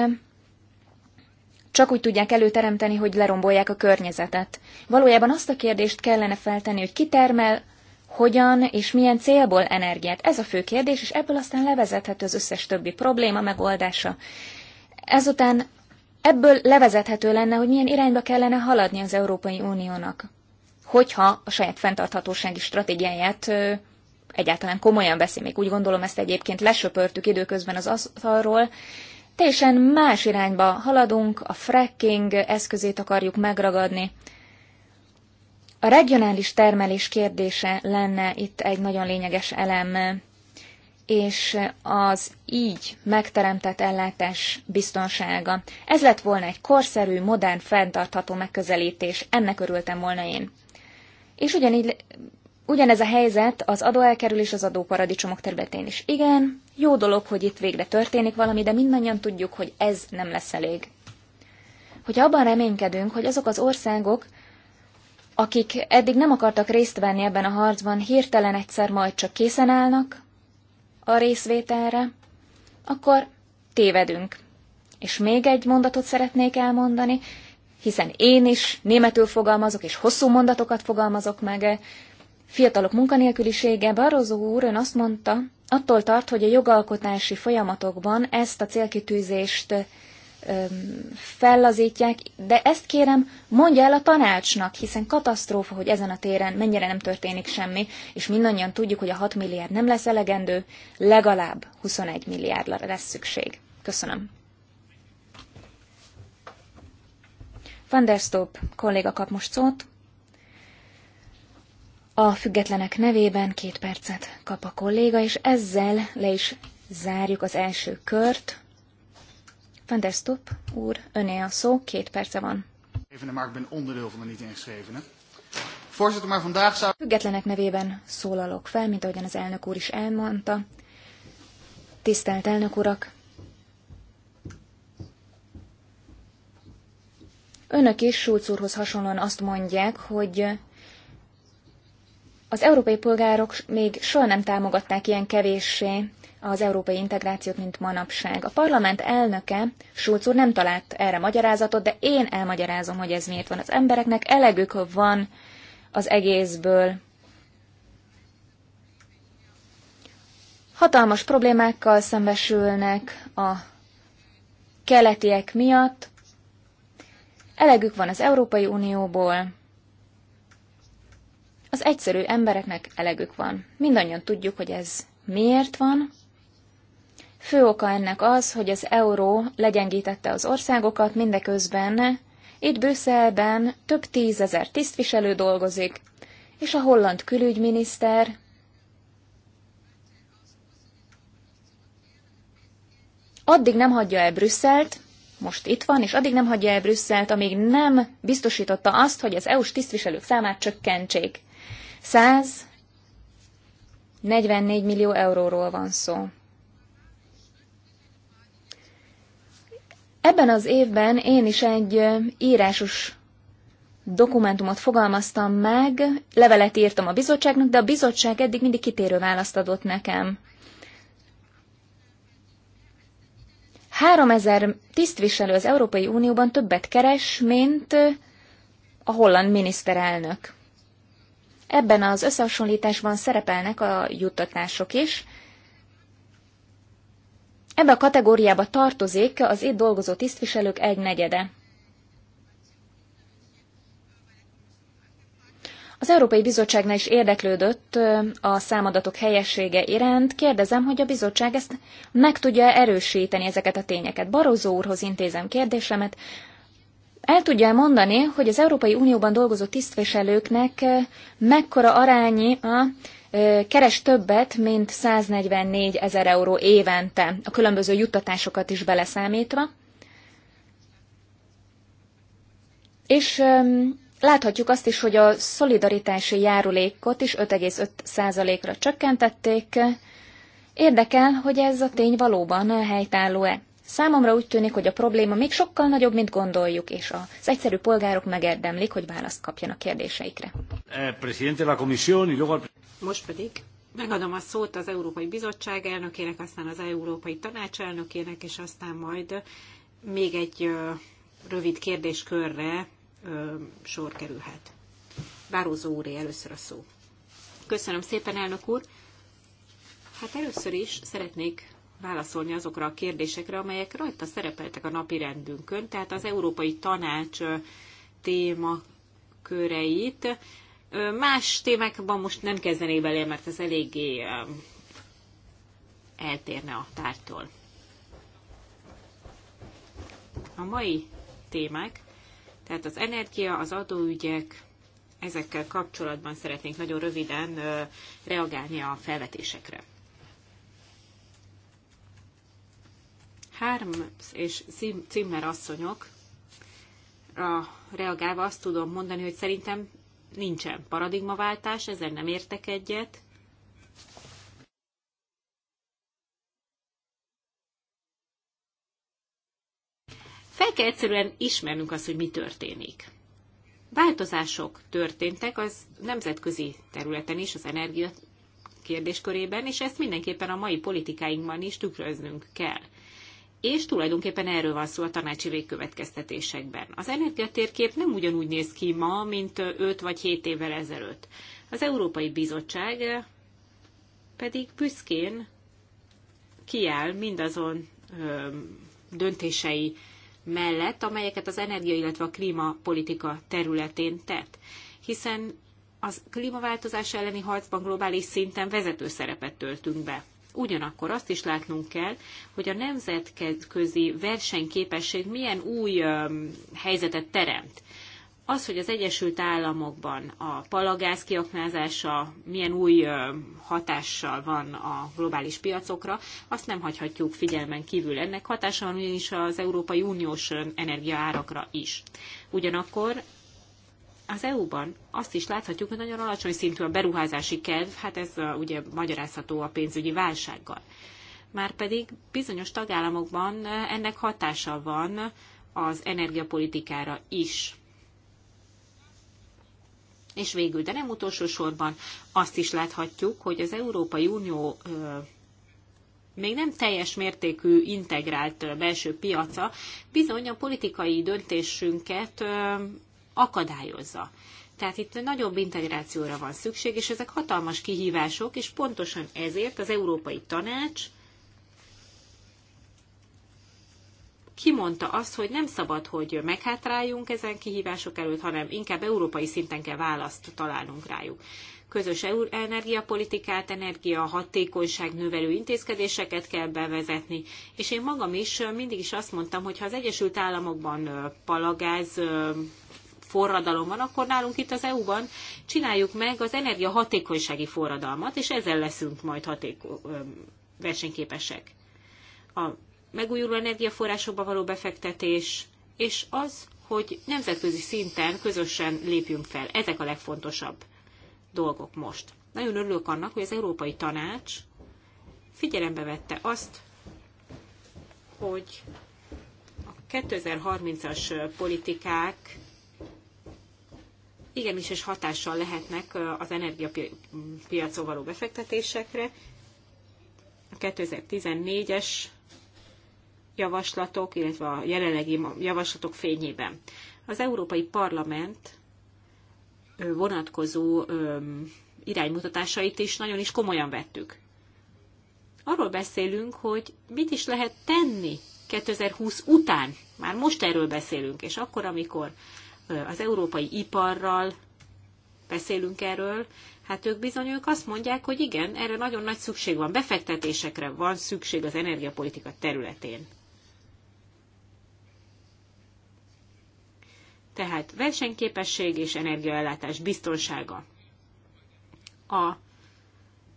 csak úgy tudják előteremteni, hogy lerombolják a környezetet. Valójában azt a kérdést kellene feltenni, hogy ki termel, hogyan és milyen célból energiát. Ez a fő kérdés, és ebből aztán levezethető az összes többi probléma megoldása. Ezután Ebből levezethető lenne, hogy milyen irányba kellene haladni az Európai Uniónak, hogyha a saját fenntarthatósági stratégiáját ö, egyáltalán komolyan veszi, még úgy gondolom ezt egyébként lesöpörtük időközben az asztalról, teljesen más irányba haladunk, a fracking eszközét akarjuk megragadni. A regionális termelés kérdése lenne itt egy nagyon lényeges elem és az így megteremtett ellátás biztonsága. Ez lett volna egy korszerű, modern, fenntartható megközelítés, ennek örültem volna én. És ugyanígy, ugyanez a helyzet az adóelkerülés az adóparadicsomok területén is. Igen, jó dolog, hogy itt végre történik valami, de mindannyian tudjuk, hogy ez nem lesz elég. Hogy abban reménykedünk, hogy azok az országok, akik eddig nem akartak részt venni ebben a harcban, hirtelen egyszer majd csak készen állnak, a részvételre, akkor tévedünk. És még egy mondatot szeretnék elmondani, hiszen én is németül fogalmazok, és hosszú mondatokat fogalmazok meg. Fiatalok munkanélkülisége, barozó úr ön azt mondta, attól tart, hogy a jogalkotási folyamatokban ezt a célkitűzést fellazítják, de ezt kérem, mondja el a tanácsnak, hiszen katasztrófa, hogy ezen a téren mennyire nem történik semmi, és mindannyian tudjuk, hogy a 6 milliárd nem lesz elegendő, legalább 21 milliárdra lesz szükség. Köszönöm. Van der Stop kolléga kap most szót. A függetlenek nevében két percet kap a kolléga, és ezzel le is zárjuk az első kört. Van der Stoep úr, öné a szó, két perce van. Maar ik ben onderdeel van de niet ingeschrevenen. Voorzitter, maar vandaag zou... Függetlenek nevében szólalok fel, mint ahogyan az elnök úr is elmondta. Tisztelt elnök urak! Önök is Schulz úrhoz hasonlóan azt mondják, hogy az európai polgárok még soha nem támogatták ilyen kevéssé az európai integrációt, mint manapság. A parlament elnöke, Schulz úr nem talált erre magyarázatot, de én elmagyarázom, hogy ez miért van. Az embereknek elegük van az egészből. Hatalmas problémákkal szembesülnek a keletiek miatt. Elegük van az Európai Unióból. Az egyszerű embereknek elegük van. Mindannyian tudjuk, hogy ez miért van, Fő oka ennek az, hogy az euró legyengítette az országokat, mindeközben itt Brüsszelben több tízezer tisztviselő dolgozik, és a holland külügyminiszter addig nem hagyja el Brüsszelt, most itt van, és addig nem hagyja el Brüsszelt, amíg nem biztosította azt, hogy az EU-s tisztviselők számát csökkentsék. 144 millió euróról van szó. Ebben az évben én is egy írásos dokumentumot fogalmaztam meg, levelet írtam a bizottságnak, de a bizottság eddig mindig kitérő választ adott nekem. 3000 tisztviselő az Európai Unióban többet keres, mint a holland miniszterelnök. Ebben az összehasonlításban szerepelnek a juttatások is, Ebbe a kategóriába tartozik az itt dolgozó tisztviselők egy negyede. Az Európai Bizottságnál is érdeklődött a számadatok helyessége iránt. Kérdezem, hogy a bizottság ezt meg tudja erősíteni ezeket a tényeket. Barozó úrhoz intézem kérdésemet. El tudja mondani, hogy az Európai Unióban dolgozó tisztviselőknek mekkora arányi a keres többet, mint 144 ezer euró évente, a különböző juttatásokat is beleszámítva. És láthatjuk azt is, hogy a szolidaritási járulékot is 5,5%-ra csökkentették. Érdekel, hogy ez a tény valóban helytálló-e. Számomra úgy tűnik, hogy a probléma még sokkal nagyobb, mint gondoljuk, és az egyszerű polgárok megérdemlik, hogy választ kapjanak kérdéseikre. Eh, Most pedig megadom a szót az Európai Bizottság elnökének, aztán az Európai Tanács elnökének, és aztán majd még egy rövid kérdéskörre sor kerülhet. Bározó úré először a szó. Köszönöm szépen, elnök úr! Hát először is szeretnék válaszolni azokra a kérdésekre, amelyek rajta szerepeltek a napi rendünkön, tehát az Európai Tanács témaköreit. Más témákban most nem kezdenék bele, mert ez eléggé eltérne a tártól. A mai témák, tehát az energia, az adóügyek, ezekkel kapcsolatban szeretnénk nagyon röviden reagálni a felvetésekre. Három és Zimmer asszonyok reagálva azt tudom mondani, hogy szerintem nincsen paradigmaváltás, ezzel nem értek egyet. Fel kell egyszerűen ismernünk azt, hogy mi történik. Változások történtek az nemzetközi területen is, az energia kérdéskörében, és ezt mindenképpen a mai politikáinkban is tükröznünk kell és tulajdonképpen erről van szó a tanácsi végkövetkeztetésekben. Az energiatérkép nem ugyanúgy néz ki ma, mint 5 vagy 7 évvel ezelőtt. Az Európai Bizottság pedig büszkén kiáll mindazon ö, döntései mellett, amelyeket az energia, illetve a klímapolitika területén tett. Hiszen az klímaváltozás elleni harcban globális szinten vezető szerepet töltünk be. Ugyanakkor azt is látnunk kell, hogy a nemzetközi versenyképesség milyen új helyzetet teremt. Az, hogy az Egyesült Államokban a palagáz kiaknázása milyen új hatással van a globális piacokra, azt nem hagyhatjuk figyelmen kívül. Ennek hatása van ugyanis az Európai Uniós energiaárakra is. Ugyanakkor az EU-ban azt is láthatjuk, hogy nagyon alacsony szintű a beruházási kedv, hát ez a, ugye magyarázható a pénzügyi válsággal. Márpedig bizonyos tagállamokban ennek hatása van az energiapolitikára is. És végül, de nem utolsó sorban azt is láthatjuk, hogy az Európai Unió még nem teljes mértékű integrált belső piaca bizony a politikai döntésünket akadályozza. Tehát itt nagyobb integrációra van szükség, és ezek hatalmas kihívások, és pontosan ezért az Európai Tanács kimondta azt, hogy nem szabad, hogy meghátráljunk ezen kihívások előtt, hanem inkább európai szinten kell választ találnunk rájuk. Közös energiapolitikát, energia hatékonyság növelő intézkedéseket kell bevezetni, és én magam is mindig is azt mondtam, hogy ha az Egyesült Államokban palagáz forradalom van, akkor nálunk itt az EU-ban csináljuk meg az energiahatékonysági forradalmat, és ezzel leszünk majd hatéko- versenyképesek. A megújuló energiaforrásokba való befektetés, és az, hogy nemzetközi szinten közösen lépjünk fel. Ezek a legfontosabb dolgok most. Nagyon örülök annak, hogy az Európai Tanács figyelembe vette azt, hogy a 2030-as politikák igenis és hatással lehetnek az energiapiacon való befektetésekre. A 2014-es javaslatok, illetve a jelenlegi javaslatok fényében. Az Európai Parlament vonatkozó iránymutatásait is nagyon is komolyan vettük. Arról beszélünk, hogy mit is lehet tenni 2020 után. Már most erről beszélünk, és akkor, amikor az európai iparral beszélünk erről, hát ők bizony ők azt mondják, hogy igen, erre nagyon nagy szükség van, befektetésekre van szükség az energiapolitika területén. Tehát versenyképesség és energiaellátás biztonsága. A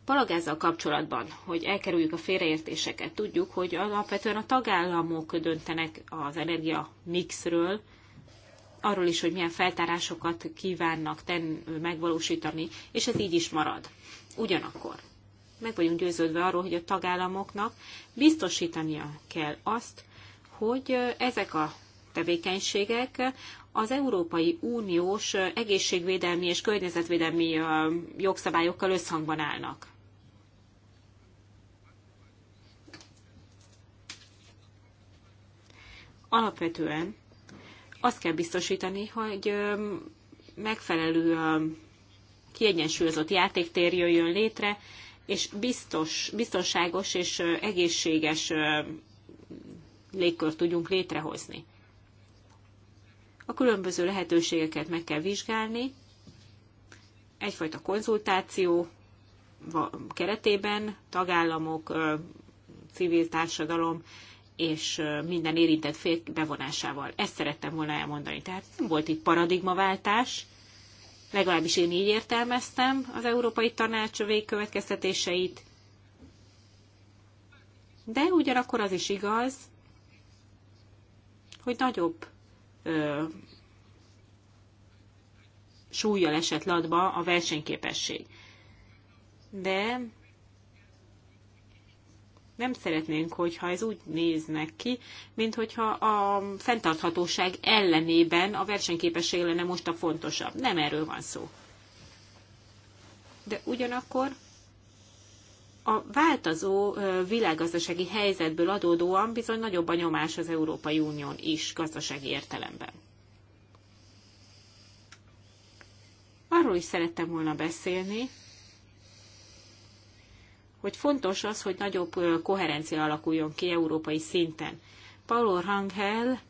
palagázzal kapcsolatban, hogy elkerüljük a félreértéseket, tudjuk, hogy alapvetően a tagállamok döntenek az energia mixről, arról is, hogy milyen feltárásokat kívánnak ten, megvalósítani, és ez így is marad. Ugyanakkor meg vagyunk győződve arról, hogy a tagállamoknak biztosítania kell azt, hogy ezek a tevékenységek az Európai Uniós egészségvédelmi és környezetvédelmi jogszabályokkal összhangban állnak. Alapvetően azt kell biztosítani, hogy megfelelő kiegyensúlyozott játéktér jöjjön létre, és biztos, biztonságos és egészséges légkört tudjunk létrehozni. A különböző lehetőségeket meg kell vizsgálni, egyfajta konzultáció keretében tagállamok, civil társadalom és minden érintett fél bevonásával. Ezt szerettem volna elmondani. Tehát nem volt itt paradigmaváltás, legalábbis én így értelmeztem az Európai Tanács végkövetkeztetéseit. De ugyanakkor az is igaz, hogy nagyobb ö, súlyjal esett latba a versenyképesség. De nem szeretnénk, hogyha ez úgy néznek ki, mint hogyha a fenntarthatóság ellenében a versenyképesség lenne most a fontosabb. Nem erről van szó. De ugyanakkor a változó világgazdasági helyzetből adódóan bizony nagyobb a nyomás az Európai Unión is gazdasági értelemben. Arról is szerettem volna beszélni, hogy fontos az, hogy nagyobb koherencia alakuljon ki európai szinten. Paulo Rangel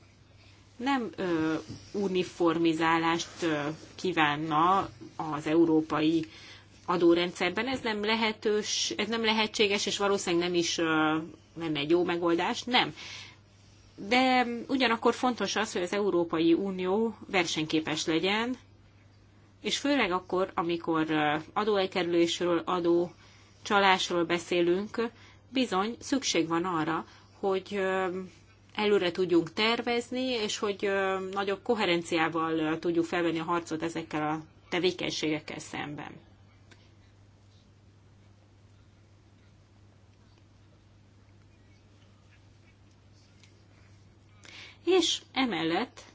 nem ö, uniformizálást ö, kívánna az európai adórendszerben. Ez nem lehetős, ez nem lehetséges, és valószínűleg nem is ö, egy jó megoldás, nem. De ugyanakkor fontos az, hogy az Európai Unió versenyképes legyen, és főleg akkor, amikor adóelkerülésről, adó csalásról beszélünk, bizony szükség van arra, hogy előre tudjunk tervezni, és hogy nagyobb koherenciával tudjuk felvenni a harcot ezekkel a tevékenységekkel szemben. És emellett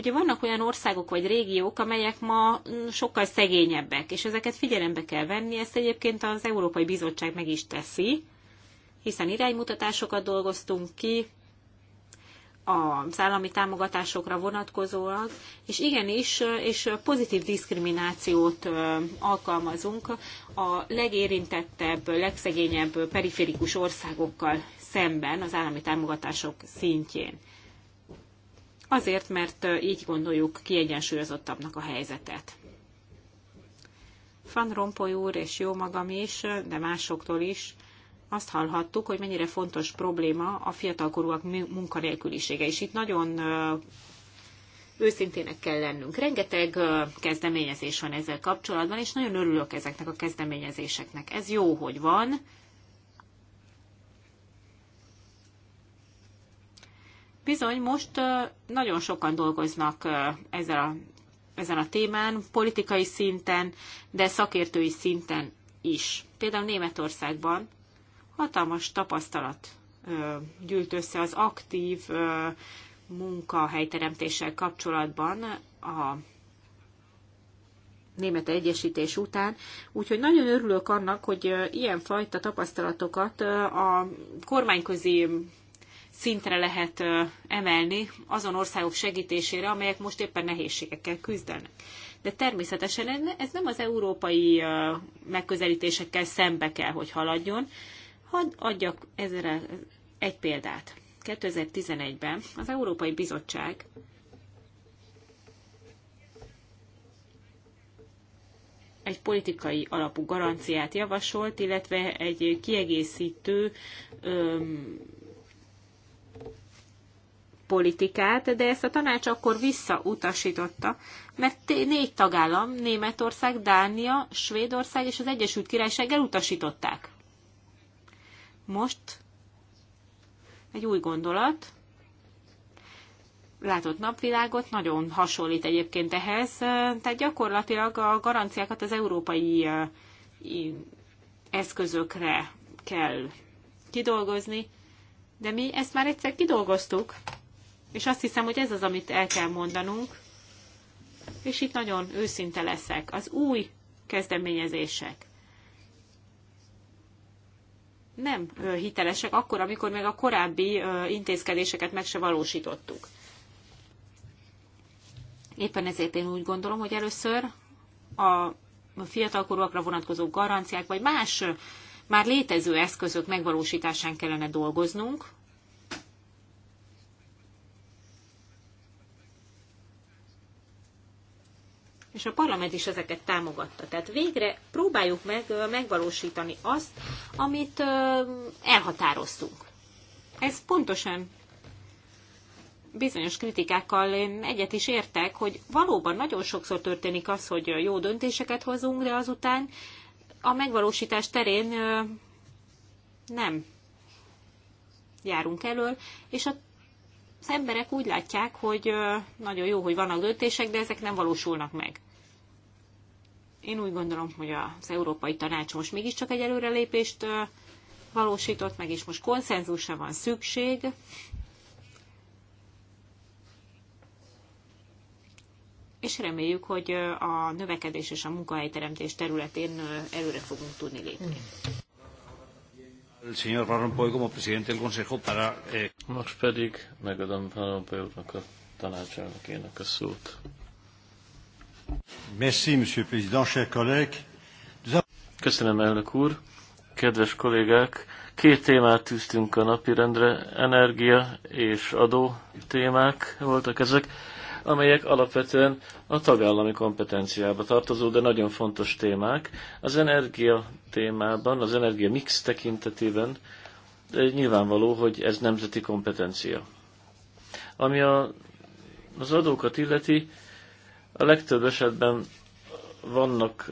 Ugye vannak olyan országok vagy régiók, amelyek ma sokkal szegényebbek, és ezeket figyelembe kell venni, ezt egyébként az Európai Bizottság meg is teszi, hiszen iránymutatásokat dolgoztunk ki, az állami támogatásokra vonatkozóan, és igenis, és pozitív diszkriminációt alkalmazunk a legérintettebb, legszegényebb periférikus országokkal szemben az állami támogatások szintjén azért, mert így gondoljuk kiegyensúlyozottabbnak a helyzetet. Van Rompoly úr és jó magam is, de másoktól is azt hallhattuk, hogy mennyire fontos probléma a fiatalkorúak munkanélkülisége, és itt nagyon őszintének kell lennünk. Rengeteg kezdeményezés van ezzel kapcsolatban, és nagyon örülök ezeknek a kezdeményezéseknek. Ez jó, hogy van, Bizony, most nagyon sokan dolgoznak ezzel a, ezen a témán, politikai szinten, de szakértői szinten is. Például Németországban hatalmas tapasztalat gyűlt össze az aktív munkahelyteremtéssel kapcsolatban a német egyesítés után. Úgyhogy nagyon örülök annak, hogy ilyenfajta tapasztalatokat a kormányközi szintre lehet emelni azon országok segítésére, amelyek most éppen nehézségekkel küzdenek. De természetesen ez nem az európai megközelítésekkel szembe kell, hogy haladjon. Hadd adjak ezzel egy példát. 2011-ben az Európai Bizottság egy politikai alapú garanciát javasolt, illetve egy kiegészítő öm, politikát, de ezt a tanács akkor visszautasította, mert négy tagállam, Németország, Dánia, Svédország és az Egyesült Királyság elutasították. Most egy új gondolat, látott napvilágot, nagyon hasonlít egyébként ehhez, tehát gyakorlatilag a garanciákat az európai eszközökre kell kidolgozni, de mi ezt már egyszer kidolgoztuk, és azt hiszem, hogy ez az, amit el kell mondanunk, és itt nagyon őszinte leszek. Az új kezdeményezések nem hitelesek akkor, amikor még a korábbi intézkedéseket meg se valósítottuk. Éppen ezért én úgy gondolom, hogy először a fiatalkorúakra vonatkozó garanciák, vagy más már létező eszközök megvalósításán kellene dolgoznunk, és a parlament is ezeket támogatta. Tehát végre próbáljuk meg megvalósítani azt, amit elhatároztunk. Ez pontosan bizonyos kritikákkal én egyet is értek, hogy valóban nagyon sokszor történik az, hogy jó döntéseket hozunk, de azután a megvalósítás terén nem járunk elől, és a az emberek úgy látják, hogy nagyon jó, hogy vannak döntések, de ezek nem valósulnak meg. Én úgy gondolom, hogy az Európai Tanács most mégiscsak egy előrelépést valósított meg, és most konszenzusra van szükség. És reméljük, hogy a növekedés és a munkahelyteremtés területén előre fogunk tudni lépni señor Van Rompuy como presidente del Consejo para... Eh... Most pedig megadom Van Rompuy úrnak a tanácsának a szót. Merci, monsieur président, Köszönöm, elnök úr. Kedves kollégák, két témát tűztünk a napirendre, energia és adó témák voltak ezek amelyek alapvetően a tagállami kompetenciába tartozó, de nagyon fontos témák. Az energia témában, az energia mix tekintetében nyilvánvaló, hogy ez nemzeti kompetencia. Ami a, az adókat illeti, a legtöbb esetben vannak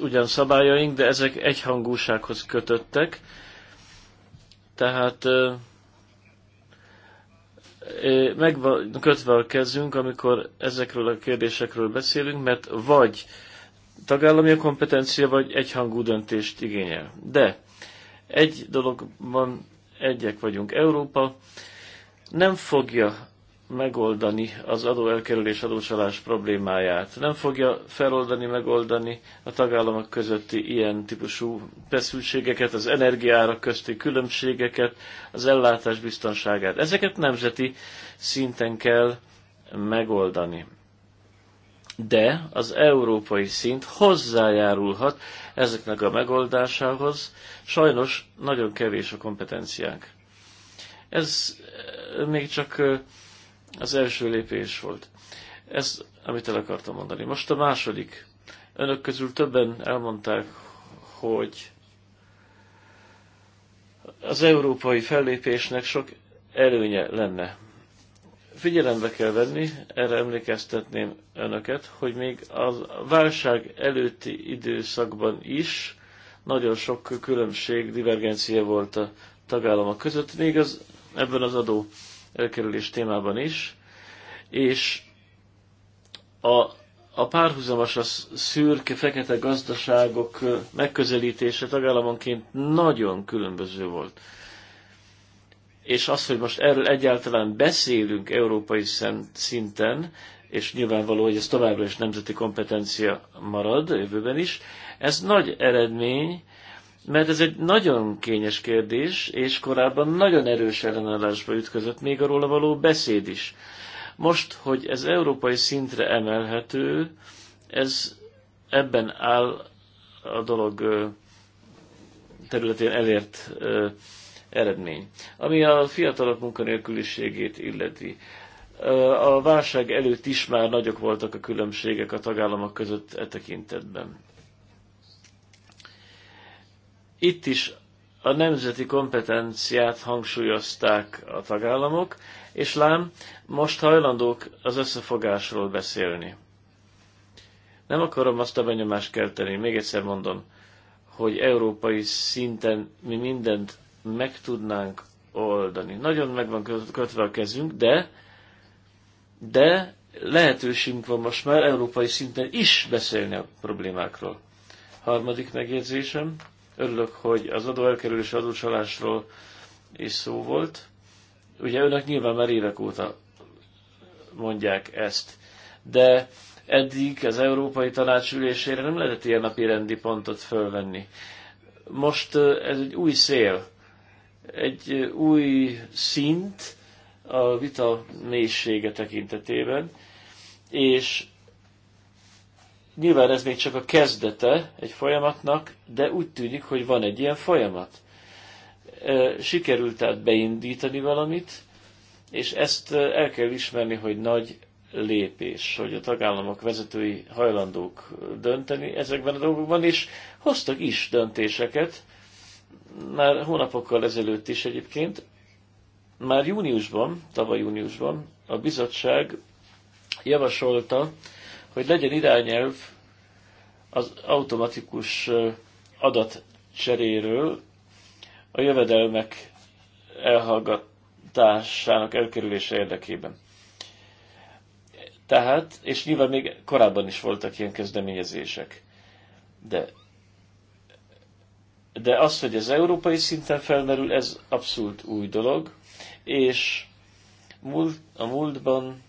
ugyan szabályaink, de ezek egyhangúsághoz kötöttek, tehát meg van kötve a kezünk, amikor ezekről a kérdésekről beszélünk, mert vagy tagállami a kompetencia, vagy egyhangú döntést igényel. De egy dologban egyek vagyunk. Európa nem fogja megoldani az adóelkerülés adócsalás problémáját. Nem fogja feloldani, megoldani a tagállamok közötti ilyen típusú feszültségeket, az energiára közti különbségeket, az ellátás biztonságát. Ezeket nemzeti szinten kell megoldani. De az európai szint hozzájárulhat ezeknek a megoldásához, sajnos nagyon kevés a kompetenciánk. Ez eh, még csak eh, az első lépés volt. Ez, amit el akartam mondani. Most a második. Önök közül többen elmondták, hogy az európai fellépésnek sok előnye lenne. Figyelembe kell venni, erre emlékeztetném önöket, hogy még a válság előtti időszakban is nagyon sok különbség, divergencia volt a tagállamok között, még az, ebben az adó elkerülés témában is, és a, a párhuzamos a szürke, fekete gazdaságok megközelítése tagállamonként nagyon különböző volt. És az, hogy most erről egyáltalán beszélünk európai szinten, és nyilvánvaló, hogy ez továbbra is nemzeti kompetencia marad a jövőben is, ez nagy eredmény, mert ez egy nagyon kényes kérdés, és korábban nagyon erős ellenállásba ütközött még a róla való beszéd is. Most, hogy ez európai szintre emelhető, ez ebben áll a dolog területén elért eredmény. Ami a fiatalok munkanélküliségét illeti, a válság előtt is már nagyok voltak a különbségek a tagállamok között e tekintetben. Itt is a nemzeti kompetenciát hangsúlyozták a tagállamok, és lám, most hajlandók az összefogásról beszélni. Nem akarom azt a benyomást kelteni, még egyszer mondom, hogy európai szinten mi mindent meg tudnánk oldani. Nagyon meg van kötve a kezünk, de, de lehetőségünk van most már európai szinten is beszélni a problémákról. Harmadik megjegyzésem. Örülök, hogy az adóelkerülés adócsalásról is szó volt. Ugye önök nyilván már évek óta mondják ezt, de eddig az Európai Tanács ülésére nem lehetett ilyen napi rendi pontot fölvenni. Most ez egy új szél, egy új szint a vita mélysége tekintetében, és Nyilván ez még csak a kezdete egy folyamatnak, de úgy tűnik, hogy van egy ilyen folyamat. Sikerült tehát beindítani valamit, és ezt el kell ismerni, hogy nagy lépés, hogy a tagállamok vezetői hajlandók dönteni ezekben a dolgokban, és hoztak is döntéseket, már hónapokkal ezelőtt is egyébként, már júniusban, tavaly júniusban a bizottság javasolta hogy legyen irányelv az automatikus adatcseréről, a jövedelmek elhallgatásának elkerülése érdekében. Tehát, és nyilván még korábban is voltak ilyen kezdeményezések. De, de az, hogy ez európai szinten felmerül, ez abszolút új dolog, és múlt, a múltban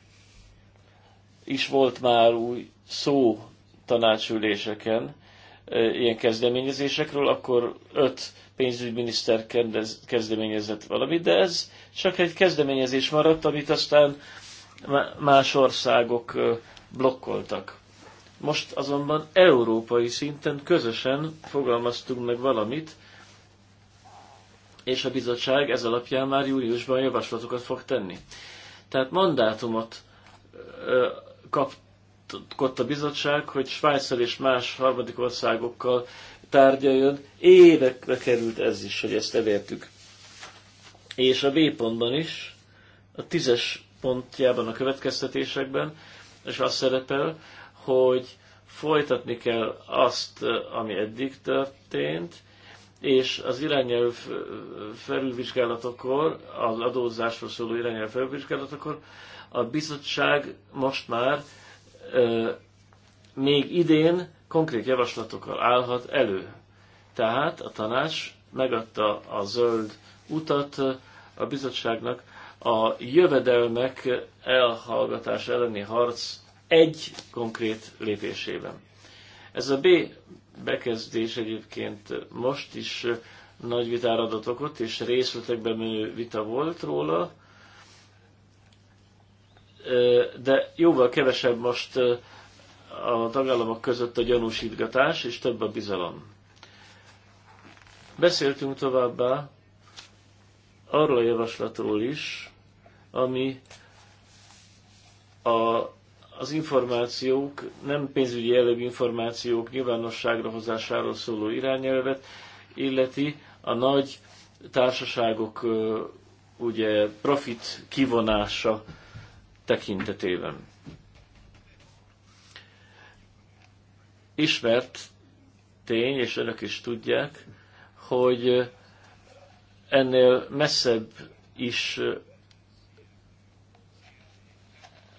is volt már új szó tanácsüléseken e, ilyen kezdeményezésekről, akkor öt pénzügyminiszter kezdeményezett valamit, de ez csak egy kezdeményezés maradt, amit aztán más országok e, blokkoltak. Most azonban európai szinten közösen fogalmaztunk meg valamit, és a bizottság ez alapján már júliusban javaslatokat fog tenni. Tehát mandátumot e, kapott a bizottság, hogy Svájccal és más harmadik országokkal tárgyaljon. Évekbe került ez is, hogy ezt elértük. És a B pontban is, a tízes pontjában a következtetésekben, és azt szerepel, hogy folytatni kell azt, ami eddig történt, és az irányelv felülvizsgálatokor, az adózásról szóló irányelv felülvizsgálatokor a bizottság most már ö, még idén konkrét javaslatokkal állhat elő. Tehát a tanács megadta a zöld utat a bizottságnak a jövedelmek elhallgatás elleni harc egy konkrét lépésében. Ez a B bekezdés egyébként most is nagy vitára adott okot, és részletekben menő vita volt róla, de jóval kevesebb most a tagállamok között a gyanúsítgatás, és több a bizalom. Beszéltünk továbbá arról a javaslatról is, ami a, az információk, nem pénzügyi jellegű információk nyilvánosságra hozásáról szóló irányelvet illeti, a nagy társaságok ugye profit kivonása tekintetében. Ismert tény, és önök is tudják, hogy ennél messzebb is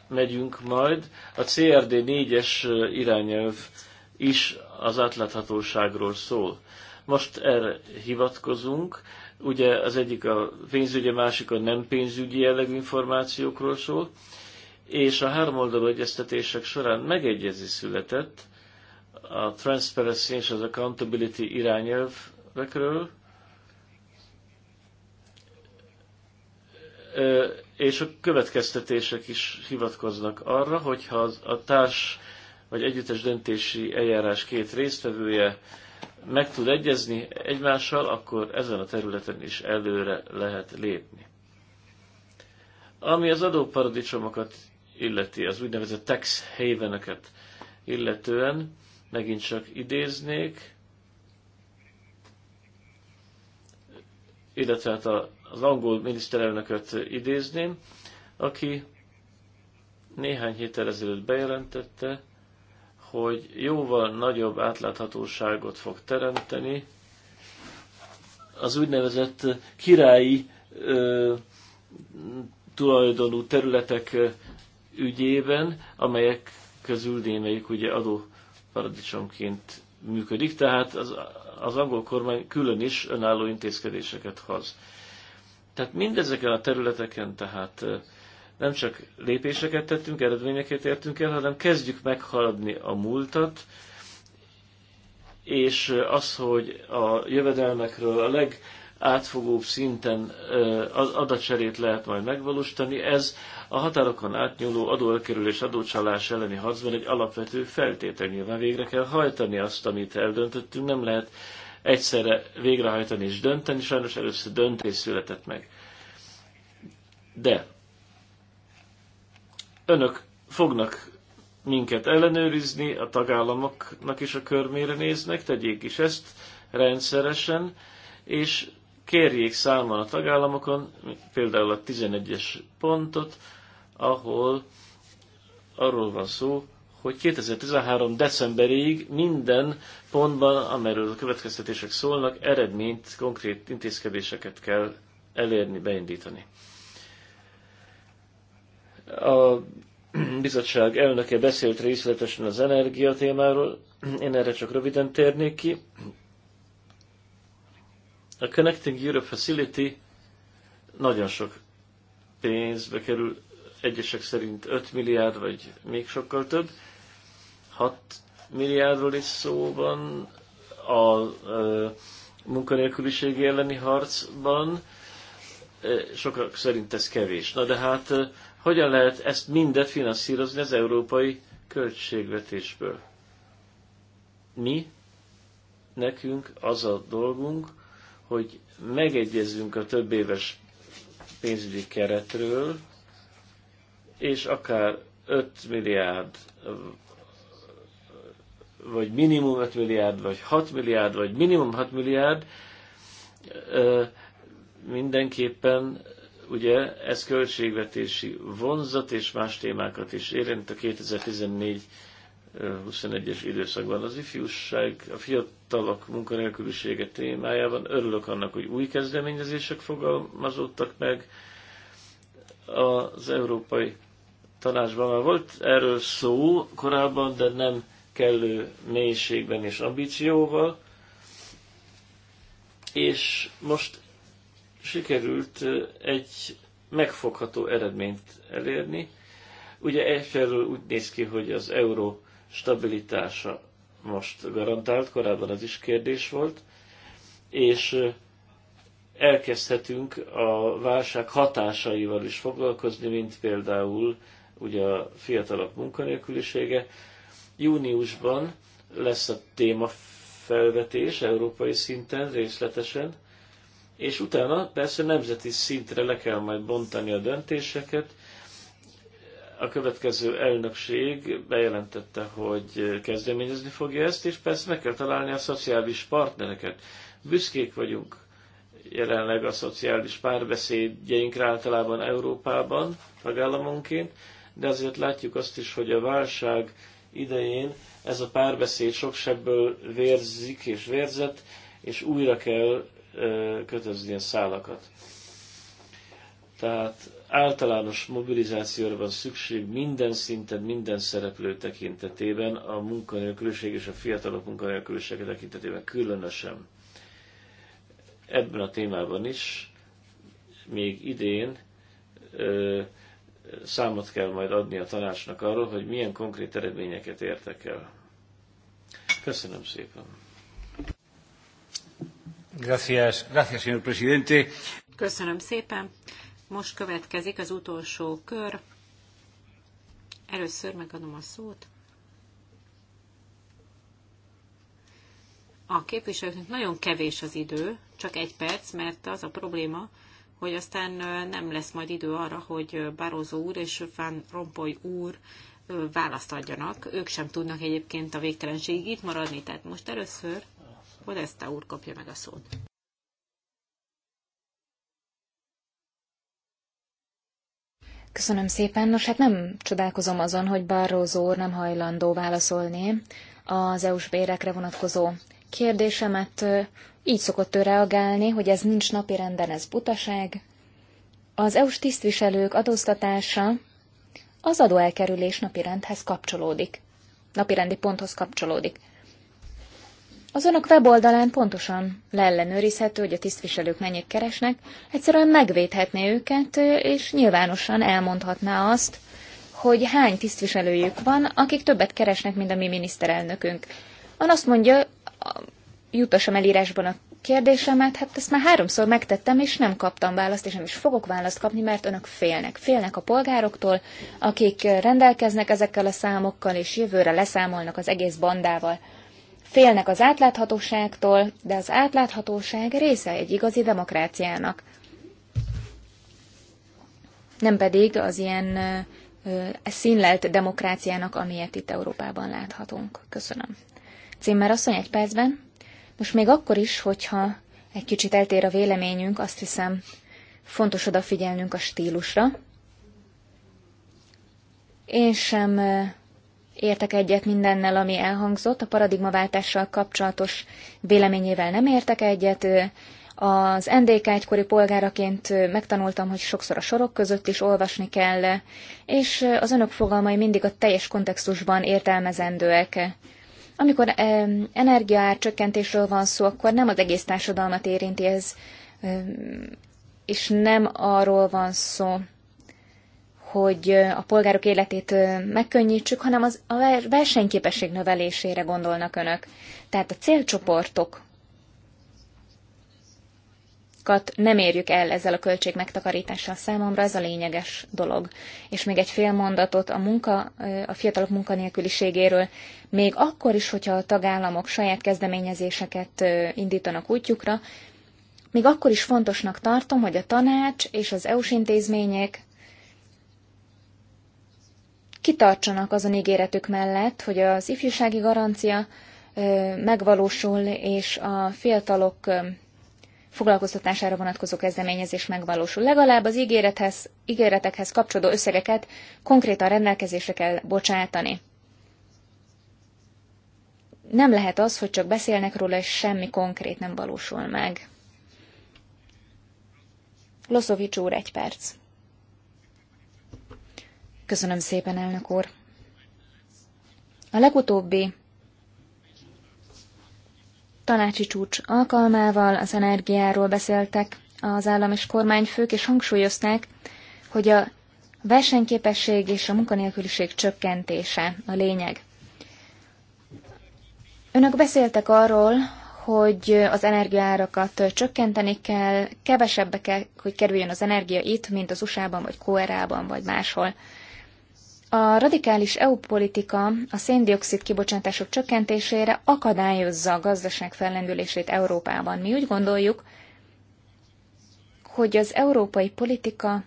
megyünk majd. A CRD 4-es irányelv is az átláthatóságról szól. Most erre hivatkozunk, Ugye az egyik a pénzügyi, a másik a nem pénzügyi jellegű információkról szól, és a háromoldalú egyeztetések során megegyezés született a Transparency és az Accountability irányelvekről, és a következtetések is hivatkoznak arra, hogyha a társ vagy együttes döntési eljárás két résztvevője meg tud egyezni egymással, akkor ezen a területen is előre lehet lépni. Ami az adóparadicsomokat illeti, az úgynevezett tax havenöket illetően, megint csak idéznék, illetve hát az angol miniszterelnököt idézném, aki néhány héttel ezelőtt bejelentette, hogy jóval nagyobb átláthatóságot fog teremteni az úgynevezett királyi ö, tulajdonú területek ügyében, amelyek közül némelyik ugye adóparadicsomként működik, tehát az, az angol kormány külön is önálló intézkedéseket hoz. Tehát mindezeken a területeken tehát nem csak lépéseket tettünk, eredményeket értünk el, hanem kezdjük meghaladni a múltat, és az, hogy a jövedelmekről a legátfogóbb szinten az adatcserét lehet majd megvalósítani, ez a határokon átnyúló adóelkerülés, adócsalás elleni harcban egy alapvető feltétel. Nyilván végre kell hajtani azt, amit eldöntöttünk, nem lehet egyszerre végrehajtani és dönteni, sajnos először döntés született meg. De Önök fognak minket ellenőrizni, a tagállamoknak is a körmére néznek, tegyék is ezt rendszeresen, és kérjék számon a tagállamokon, például a 11-es pontot, ahol arról van szó, hogy 2013. decemberéig minden pontban, amelyről a következtetések szólnak, eredményt, konkrét intézkedéseket kell elérni, beindítani. A bizottság elnöke beszélt részletesen az energia témáról, én erre csak röviden térnék ki. A Connecting Europe Facility nagyon sok pénzbe kerül, egyesek szerint 5 milliárd, vagy még sokkal több. 6 milliárdról is szó van a, a munkanélküliség elleni harcban, Eh, sokak szerint ez kevés. Na de hát eh, hogyan lehet ezt mindet finanszírozni az európai költségvetésből? Mi, nekünk az a dolgunk, hogy megegyezzünk a több éves pénzügyi keretről, és akár 5 milliárd, vagy minimum 5 milliárd, vagy 6 milliárd, vagy minimum 6 milliárd, eh, mindenképpen ugye ez költségvetési vonzat és más témákat is érint a 2014-21-es időszakban. Az ifjúság, a fiatalok munkanélkülisége témájában örülök annak, hogy új kezdeményezések fogalmazódtak meg az Európai Tanácsban. Már volt erről szó korábban, de nem kellő mélységben és ambícióval. És most sikerült egy megfogható eredményt elérni. Ugye egyfelől úgy néz ki, hogy az euró stabilitása most garantált, korábban az is kérdés volt, és elkezdhetünk a válság hatásaival is foglalkozni, mint például ugye a fiatalok munkanélkülisége. Júniusban lesz a témafelvetés európai szinten részletesen, és utána persze nemzeti szintre le kell majd bontani a döntéseket. A következő elnökség bejelentette, hogy kezdeményezni fogja ezt, és persze meg kell találni a szociális partnereket. Büszkék vagyunk jelenleg a szociális párbeszédjeink általában Európában, tagállamonként, de azért látjuk azt is, hogy a válság idején ez a párbeszéd sok sebből vérzik és vérzett, és újra kell ilyen szálakat. Tehát általános mobilizációra van szükség minden szinten, minden szereplő tekintetében, a munkanélküliség és a fiatalok munkanélkülisége tekintetében különösen. Ebben a témában is még idén ö, számot kell majd adni a tanácsnak arról, hogy milyen konkrét eredményeket értek el. Köszönöm szépen! Gracias, gracias, señor presidente. Köszönöm szépen. Most következik az utolsó kör. Először megadom a szót. A képviselőknek nagyon kevés az idő, csak egy perc, mert az a probléma, hogy aztán nem lesz majd idő arra, hogy Barroso úr és Van Rompuy úr választ adjanak. Ők sem tudnak egyébként a végtelenségig itt maradni, tehát most először Podesta úr kapja meg a szót. Köszönöm szépen. Nos, hát nem csodálkozom azon, hogy Barroso úr nem hajlandó válaszolni az EU-s bérekre vonatkozó kérdésemet. Így szokott ő reagálni, hogy ez nincs napirenden, ez butaság. Az EU-s tisztviselők adóztatása az adóelkerülés napirendhez kapcsolódik. Napirendi ponthoz kapcsolódik. Az önök weboldalán pontosan leellenőrizhető, hogy a tisztviselők mennyit keresnek, egyszerűen megvédhetné őket, és nyilvánosan elmondhatná azt, hogy hány tisztviselőjük van, akik többet keresnek, mint a mi miniszterelnökünk. Ön azt mondja, jutassam el írásban a kérdésemet, hát ezt már háromszor megtettem, és nem kaptam választ, és nem is fogok választ kapni, mert önök félnek. Félnek a polgároktól, akik rendelkeznek ezekkel a számokkal, és jövőre leszámolnak az egész bandával. Félnek az átláthatóságtól, de az átláthatóság része egy igazi demokráciának. Nem pedig az ilyen színlelt demokráciának, amilyet itt Európában láthatunk. Köszönöm. Címmel asszony egy percben. Most még akkor is, hogyha egy kicsit eltér a véleményünk, azt hiszem fontos odafigyelnünk a stílusra. Én sem értek egyet mindennel, ami elhangzott, a paradigmaváltással kapcsolatos véleményével nem értek egyet. Az NDK egykori polgáraként megtanultam, hogy sokszor a sorok között is olvasni kell, és az önök fogalmai mindig a teljes kontextusban értelmezendőek. Amikor energiaár csökkentésről van szó, akkor nem az egész társadalmat érinti ez, és nem arról van szó, hogy a polgárok életét megkönnyítsük, hanem az a versenyképesség növelésére gondolnak önök. Tehát a célcsoportok nem érjük el ezzel a költség megtakarítással számomra, ez a lényeges dolog. És még egy fél mondatot a, munka, a fiatalok munkanélküliségéről, még akkor is, hogyha a tagállamok saját kezdeményezéseket indítanak útjukra, még akkor is fontosnak tartom, hogy a tanács és az EU-s intézmények kitartsanak azon ígéretük mellett, hogy az ifjúsági garancia megvalósul, és a fiatalok foglalkoztatására vonatkozó kezdeményezés megvalósul. Legalább az ígérethez, ígéretekhez kapcsolódó összegeket konkrétan rendelkezésre kell bocsátani. Nem lehet az, hogy csak beszélnek róla, és semmi konkrét nem valósul meg. Loszovics úr, egy perc. Köszönöm szépen, elnök úr. A legutóbbi tanácsi csúcs alkalmával az energiáról beszéltek az állam és kormányfők, és hangsúlyozták, hogy a versenyképesség és a munkanélküliség csökkentése a lényeg. Önök beszéltek arról, hogy az energiaárakat csökkenteni kell, kevesebbe kell, hogy kerüljön az energia itt, mint az USA-ban, vagy Koerában, vagy máshol. A radikális EU politika a széndiokszid kibocsátások csökkentésére akadályozza a gazdaság fellendülését Európában. Mi úgy gondoljuk, hogy az európai politika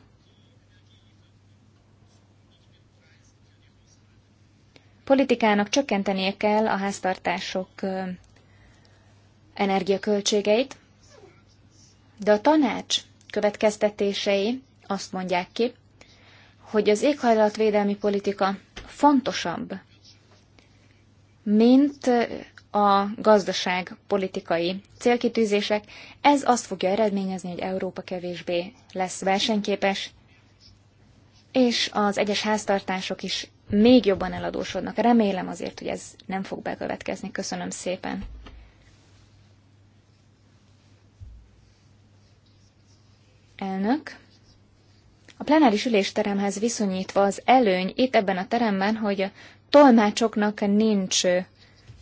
politikának csökkentenie kell a háztartások energiaköltségeit, de a tanács következtetései azt mondják ki, hogy az éghajlatvédelmi politika fontosabb, mint a gazdaság politikai célkitűzések, ez azt fogja eredményezni, hogy Európa kevésbé lesz versenyképes, és az egyes háztartások is még jobban eladósodnak. Remélem azért, hogy ez nem fog bekövetkezni. Köszönöm szépen. Elnök. A plenáris ülésteremhez viszonyítva az előny itt ebben a teremben, hogy a tolmácsoknak nincs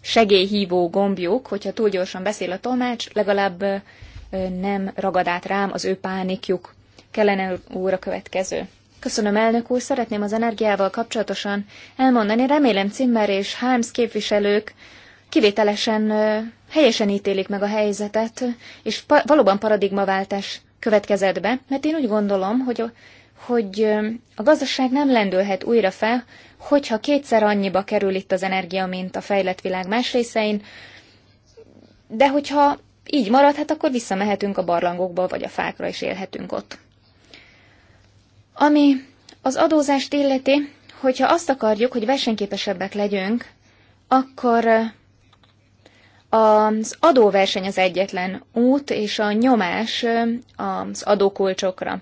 segélyhívó gombjuk, hogyha túl gyorsan beszél a tolmács, legalább nem ragad át rám az ő pánikjuk. Kellene úr a következő. Köszönöm, elnök úr, szeretném az energiával kapcsolatosan elmondani. Remélem Cimmer és Harms képviselők kivételesen helyesen ítélik meg a helyzetet, és pa- valóban paradigmaváltás következett be, mert én úgy gondolom, hogy a hogy a gazdaság nem lendülhet újra fel, hogyha kétszer annyiba kerül itt az energia, mint a fejlett világ más részein, de hogyha így marad, hát akkor visszamehetünk a barlangokba, vagy a fákra, és élhetünk ott. Ami az adózást illeti, hogyha azt akarjuk, hogy versenyképesebbek legyünk, akkor az adóverseny az egyetlen út, és a nyomás az adókulcsokra.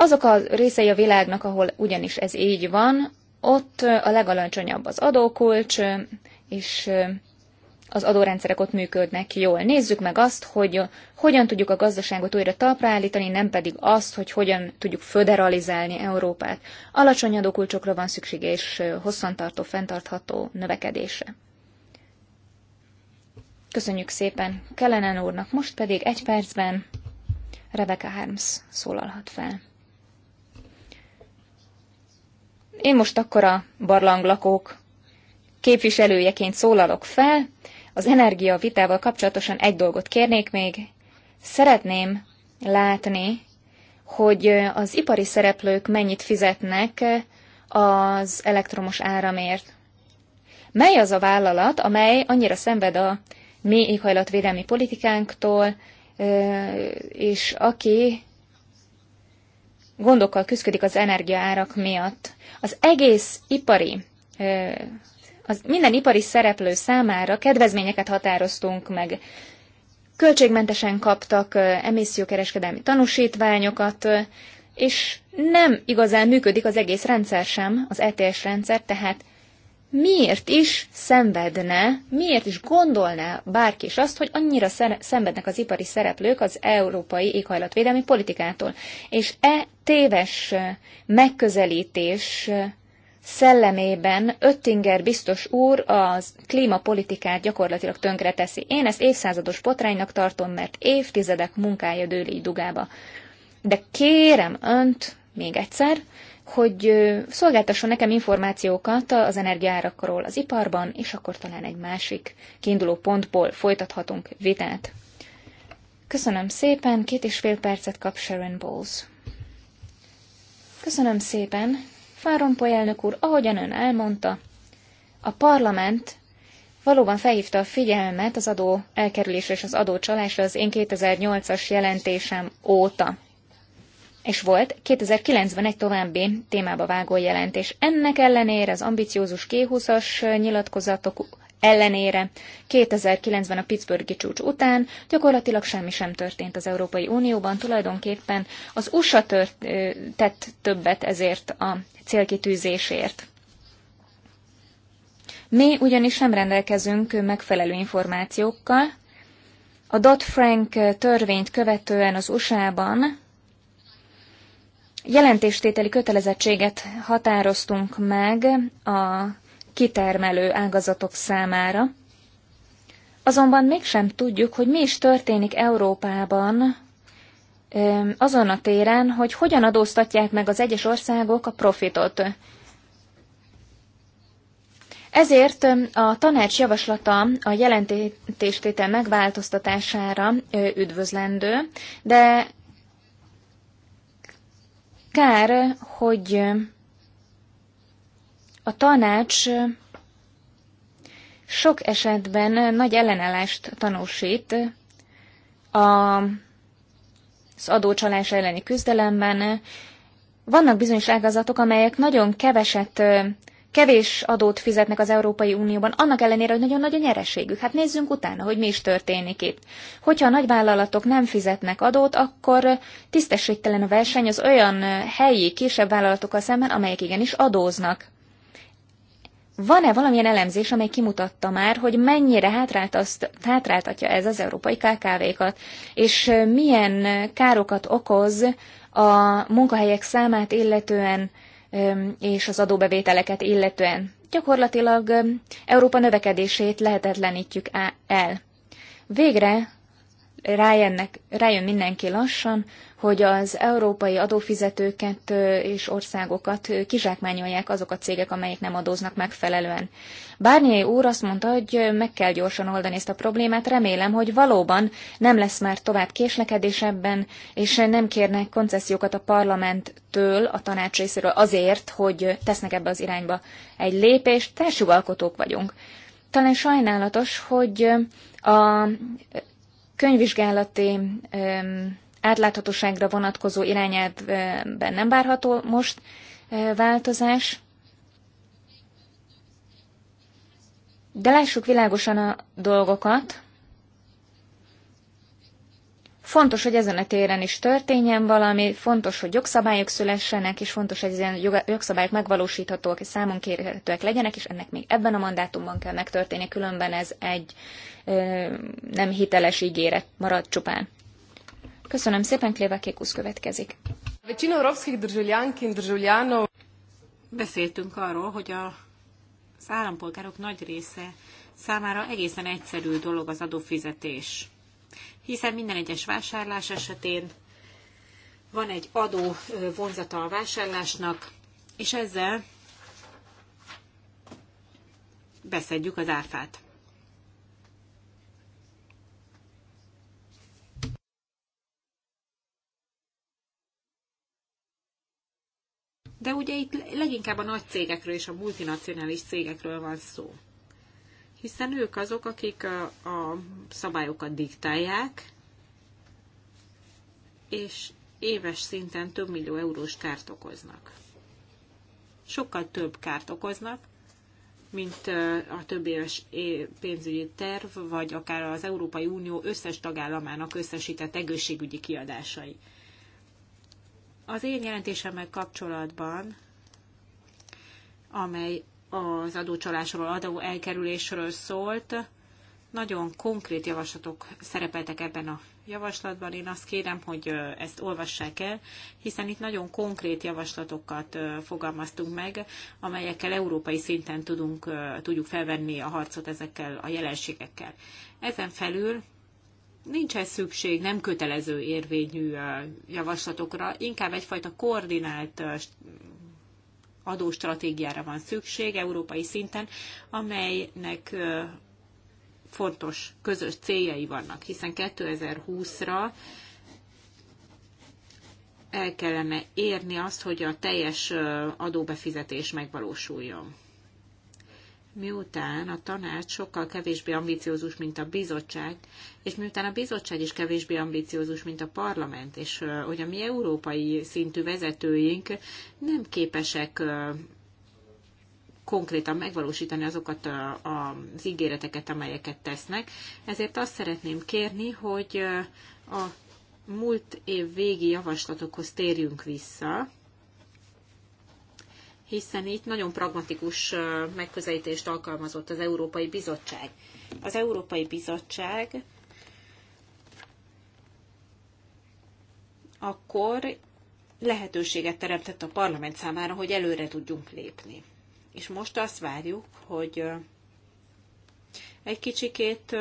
Azok a részei a világnak, ahol ugyanis ez így van, ott a legalacsonyabb az adókulcs, és az adórendszerek ott működnek jól. Nézzük meg azt, hogy hogyan tudjuk a gazdaságot újra talpra állítani, nem pedig azt, hogy hogyan tudjuk föderalizálni Európát. Alacsony adókulcsokra van szükség és hosszantartó, fenntartható növekedése. Köszönjük szépen Kellenen úrnak, most pedig egy percben Rebecca Harms szólalhat fel. Én most akkor a barlanglakók képviselőjeként szólalok fel. Az energia vitával kapcsolatosan egy dolgot kérnék még. Szeretném látni, hogy az ipari szereplők mennyit fizetnek az elektromos áramért. Mely az a vállalat, amely annyira szenved a mi éghajlatvédelmi politikánktól, és aki gondokkal küzdik az energiaárak miatt. Az egész ipari, az minden ipari szereplő számára kedvezményeket határoztunk meg. Költségmentesen kaptak emissziókereskedelmi tanúsítványokat, és nem igazán működik az egész rendszer sem, az ETS rendszer, tehát miért is szenvedne, miért is gondolná bárki is azt, hogy annyira szenvednek az ipari szereplők az európai éghajlatvédelmi politikától. És e téves megközelítés szellemében Öttinger biztos úr a klímapolitikát gyakorlatilag tönkreteszi. Én ezt évszázados potránynak tartom, mert évtizedek munkája dőli dugába. De kérem önt, még egyszer, hogy szolgáltasson nekem információkat az energiárakról az iparban, és akkor talán egy másik kiinduló pontból folytathatunk vitát. Köszönöm szépen, két és fél percet kap Sharon Bowles. Köszönöm szépen, Fárompó elnök úr, ahogyan ön elmondta, a parlament valóban felhívta a figyelmet az adó elkerülésre és az adócsalásra az én 2008-as jelentésem óta és volt 2009-ben egy további témába vágó jelentés. Ennek ellenére az ambiciózus G20-as nyilatkozatok ellenére 2009-ben a Pittsburghi csúcs után gyakorlatilag semmi sem történt az Európai Unióban, tulajdonképpen az USA tört, tett többet ezért a célkitűzésért. Mi ugyanis nem rendelkezünk megfelelő információkkal. A Dodd-Frank törvényt követően az USA-ban Jelentéstételi kötelezettséget határoztunk meg a kitermelő ágazatok számára, azonban mégsem tudjuk, hogy mi is történik Európában azon a téren, hogy hogyan adóztatják meg az egyes országok a profitot. Ezért a tanács javaslata a jelentéstétel megváltoztatására üdvözlendő, de Kár, hogy a tanács sok esetben nagy ellenállást tanúsít a, az adócsalás elleni küzdelemben. Vannak bizonyos ágazatok, amelyek nagyon keveset kevés adót fizetnek az Európai Unióban, annak ellenére, hogy nagyon nagy a nyereségük. Hát nézzünk utána, hogy mi is történik itt. Hogyha a nagyvállalatok nem fizetnek adót, akkor tisztességtelen a verseny az olyan helyi, kisebb vállalatokkal szemben, amelyek igenis adóznak. Van-e valamilyen elemzés, amely kimutatta már, hogy mennyire hátráltatja ez az európai KKV-kat, és milyen károkat okoz a munkahelyek számát illetően, és az adóbevételeket illetően. Gyakorlatilag Európa növekedését lehetetlenítjük el. Végre rájönnek, rájön mindenki lassan, hogy az európai adófizetőket és országokat kizsákmányolják azok a cégek, amelyek nem adóznak megfelelően. Bárnyai úr azt mondta, hogy meg kell gyorsan oldani ezt a problémát, remélem, hogy valóban nem lesz már tovább késlekedés ebben, és nem kérnek koncesziókat a parlamenttől, a tanács részéről azért, hogy tesznek ebbe az irányba egy lépést, társjogalkotók vagyunk. Talán sajnálatos, hogy a könyvvizsgálati átláthatóságra vonatkozó irányelvben nem várható most változás, de lássuk világosan a dolgokat. Fontos, hogy ezen a téren is történjen valami, fontos, hogy jogszabályok szülessenek, és fontos, hogy ezen jogszabályok megvalósíthatóak és számon kérhetőek legyenek, és ennek még ebben a mandátumban kell megtörténni, különben ez egy ö, nem hiteles ígéret marad csupán. Köszönöm szépen, Kléva Kékusz következik. Beszéltünk arról, hogy a, az állampolgárok nagy része számára egészen egyszerű dolog az adófizetés hiszen minden egyes vásárlás esetén van egy adó vonzata a vásárlásnak, és ezzel beszedjük az áfát. De ugye itt leginkább a nagy cégekről és a multinacionális cégekről van szó hiszen ők azok, akik a, a szabályokat diktálják, és éves szinten több millió eurós kárt okoznak. Sokkal több kárt okoznak, mint a több éves pénzügyi terv, vagy akár az Európai Unió összes tagállamának összesített egészségügyi kiadásai. Az én jelentésemmel kapcsolatban, amely az adócsalásról, adó elkerülésről szólt. Nagyon konkrét javaslatok szerepeltek ebben a javaslatban. Én azt kérem, hogy ezt olvassák el, hiszen itt nagyon konkrét javaslatokat fogalmaztunk meg, amelyekkel európai szinten tudunk, tudjuk felvenni a harcot ezekkel a jelenségekkel. Ezen felül nincs ez szükség nem kötelező érvényű javaslatokra, inkább egyfajta koordinált adóstratégiára van szükség európai szinten, amelynek fontos közös céljai vannak, hiszen 2020-ra el kellene érni azt, hogy a teljes adóbefizetés megvalósuljon miután a tanács sokkal kevésbé ambiciózus, mint a bizottság, és miután a bizottság is kevésbé ambiciózus, mint a parlament, és hogy a mi európai szintű vezetőink nem képesek konkrétan megvalósítani azokat az ígéreteket, amelyeket tesznek. Ezért azt szeretném kérni, hogy a múlt év végi javaslatokhoz térjünk vissza, hiszen itt nagyon pragmatikus megközelítést alkalmazott az Európai Bizottság. Az Európai Bizottság akkor lehetőséget teremtett a parlament számára, hogy előre tudjunk lépni. És most azt várjuk, hogy egy kicsikét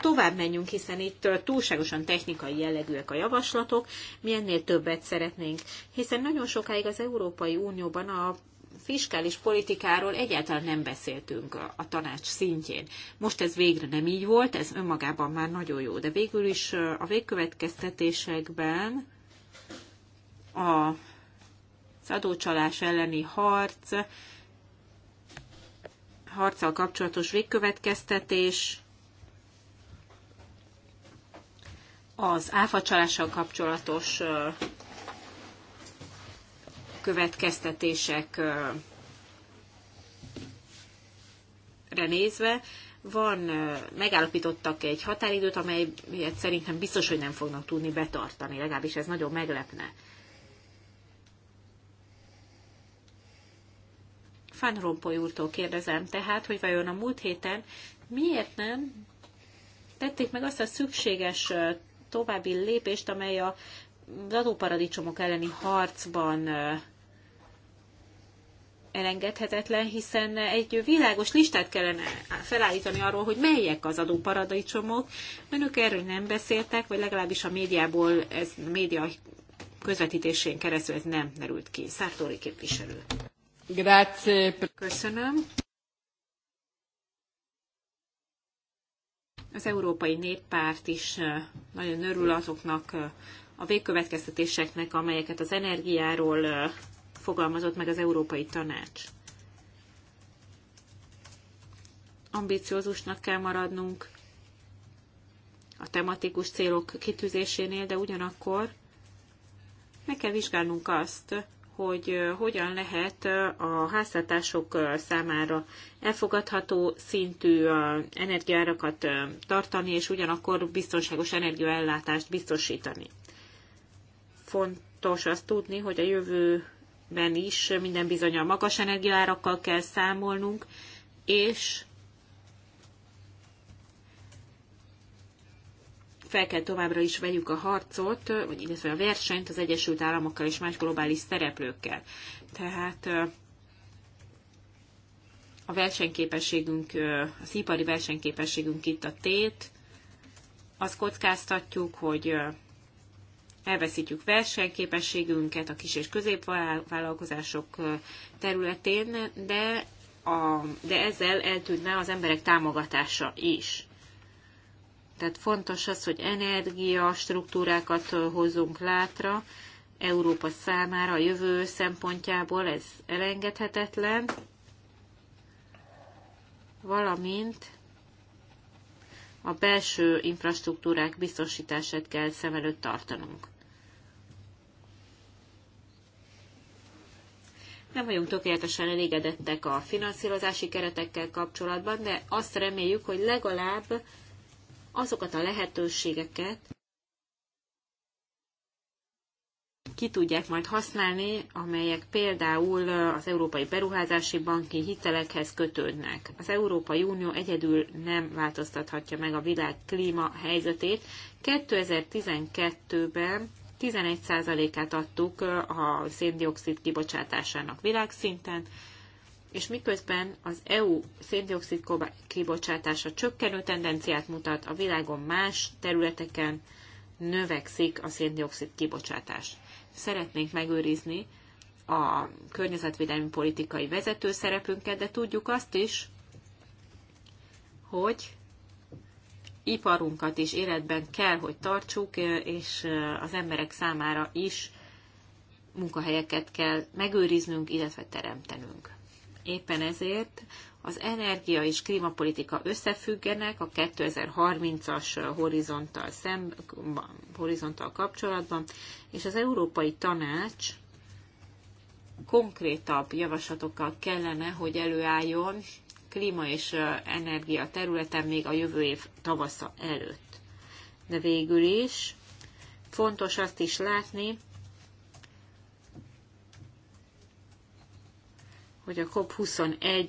tovább menjünk, hiszen itt túlságosan technikai jellegűek a javaslatok, mi ennél többet szeretnénk, hiszen nagyon sokáig az Európai Unióban a fiskális politikáról egyáltalán nem beszéltünk a tanács szintjén. Most ez végre nem így volt, ez önmagában már nagyon jó, de végül is a végkövetkeztetésekben a adócsalás elleni harc, harccal kapcsolatos végkövetkeztetés az áfacsalással kapcsolatos következtetésekre nézve, van, megállapítottak egy határidőt, amelyet szerintem biztos, hogy nem fognak tudni betartani, legalábbis ez nagyon meglepne. Fán Rompoly úrtól kérdezem tehát, hogy vajon a múlt héten miért nem tették meg azt a szükséges további lépést, amely a adóparadicsomok elleni harcban elengedhetetlen, hiszen egy világos listát kellene felállítani arról, hogy melyek az adóparadicsomok. Önök erről nem beszéltek, vagy legalábbis a médiából, ez a média közvetítésén keresztül ez nem merült ki. Szártóri képviselő. Grazie. Köszönöm. Az Európai Néppárt is nagyon örül azoknak a végkövetkeztetéseknek, amelyeket az energiáról fogalmazott meg az Európai Tanács. Ambiciózusnak kell maradnunk a tematikus célok kitűzésénél, de ugyanakkor meg kell vizsgálnunk azt, hogy hogyan lehet a háztartások számára elfogadható szintű energiárakat tartani, és ugyanakkor biztonságos energiaellátást biztosítani. Fontos azt tudni, hogy a jövőben is minden bizony a magas energiárakkal kell számolnunk, és fel kell továbbra is vegyük a harcot, vagy illetve a versenyt az Egyesült Államokkal és más globális szereplőkkel. Tehát a versenyképességünk, az ipari versenyképességünk itt a tét, azt kockáztatjuk, hogy elveszítjük versenyképességünket a kis és középvállalkozások területén, de, a, de ezzel eltűnne az emberek támogatása is. Tehát fontos az, hogy energia struktúrákat hozunk látra Európa számára, a jövő szempontjából ez elengedhetetlen, valamint a belső infrastruktúrák biztosítását kell szem előtt tartanunk. Nem vagyunk tökéletesen elégedettek a finanszírozási keretekkel kapcsolatban, de azt reméljük, hogy legalább azokat a lehetőségeket ki tudják majd használni, amelyek például az Európai Beruházási Banki hitelekhez kötődnek. Az Európai Unió egyedül nem változtathatja meg a világ klíma helyzetét. 2012-ben 11%-át adtuk a széndiokszid kibocsátásának világszinten, és miközben az EU széndiokszid kibocsátása csökkenő tendenciát mutat, a világon más területeken növekszik a széndiokszid kibocsátás. Szeretnénk megőrizni a környezetvédelmi politikai vezető szerepünket, de tudjuk azt is, hogy iparunkat is életben kell, hogy tartsuk, és az emberek számára is munkahelyeket kell megőriznünk, illetve teremtenünk. Éppen ezért az energia és klímapolitika összefüggenek a 2030-as horizonttal, szem, horizonttal kapcsolatban, és az Európai Tanács konkrétabb javaslatokkal kellene, hogy előálljon klíma és energia területen még a jövő év tavasza előtt. De végül is fontos azt is látni, hogy a COP21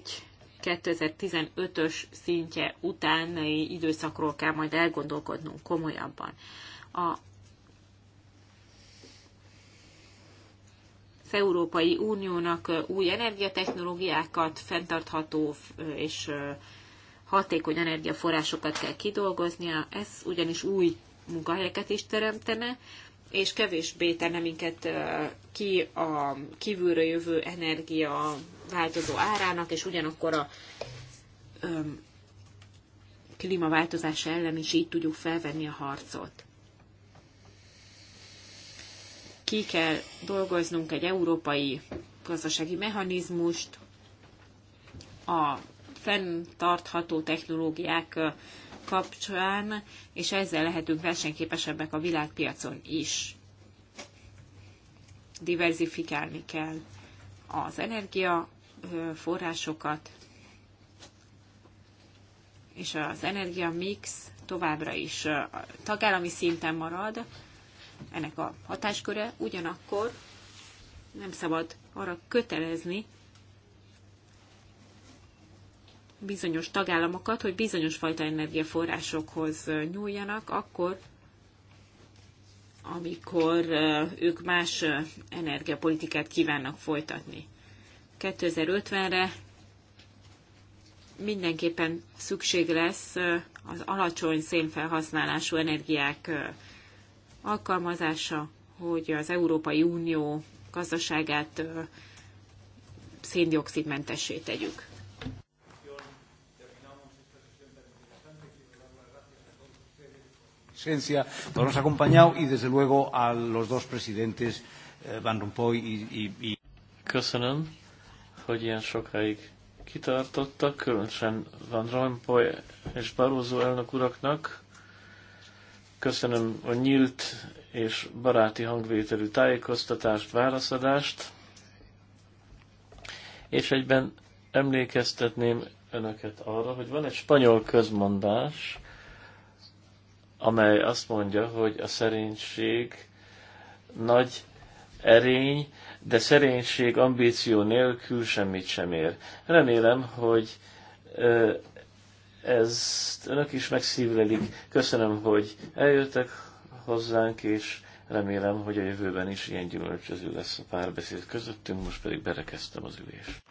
2015-ös szintje utáni időszakról kell majd elgondolkodnunk komolyabban. A az Európai Uniónak új energiatechnológiákat, fenntartható és hatékony energiaforrásokat kell kidolgoznia, ez ugyanis új munkahelyeket is teremtene, és kevésbé tenne minket ki a kívülről jövő energia változó árának, és ugyanakkor a öm, klímaváltozás ellen is így tudjuk felvenni a harcot. Ki kell dolgoznunk egy európai gazdasági mechanizmust, a fenntartható technológiák kapcsán, és ezzel lehetünk versenyképesebbek a világpiacon is. Diversifikálni kell az energia forrásokat, és az energia mix továbbra is tagállami szinten marad, ennek a hatásköre, ugyanakkor nem szabad arra kötelezni bizonyos tagállamokat, hogy bizonyos fajta energiaforrásokhoz nyúljanak, akkor, amikor ők más energiapolitikát kívánnak folytatni. 2050-re mindenképpen szükség lesz az alacsony szénfelhasználású energiák alkalmazása, hogy az Európai Unió gazdaságát széndiokszidmentessé tegyük. presencia, habernos acompañado y desde luego a los dos presidentes eh, Van Rompuy y. y, y... Köszönöm hogy ilyen sokáig kitartottak, különösen Van Rompuy és Barózó elnök uraknak. Köszönöm a nyílt és baráti hangvételű tájékoztatást, válaszadást, és egyben emlékeztetném önöket arra, hogy van egy spanyol közmondás, amely azt mondja, hogy a szerénység nagy erény, de szerénység, ambíció nélkül semmit sem ér. Remélem, hogy ezt önök is megszívlelik. Köszönöm, hogy eljöttek hozzánk, és remélem, hogy a jövőben is ilyen gyümölcsöző lesz a párbeszéd közöttünk, most pedig berekeztem az ülést.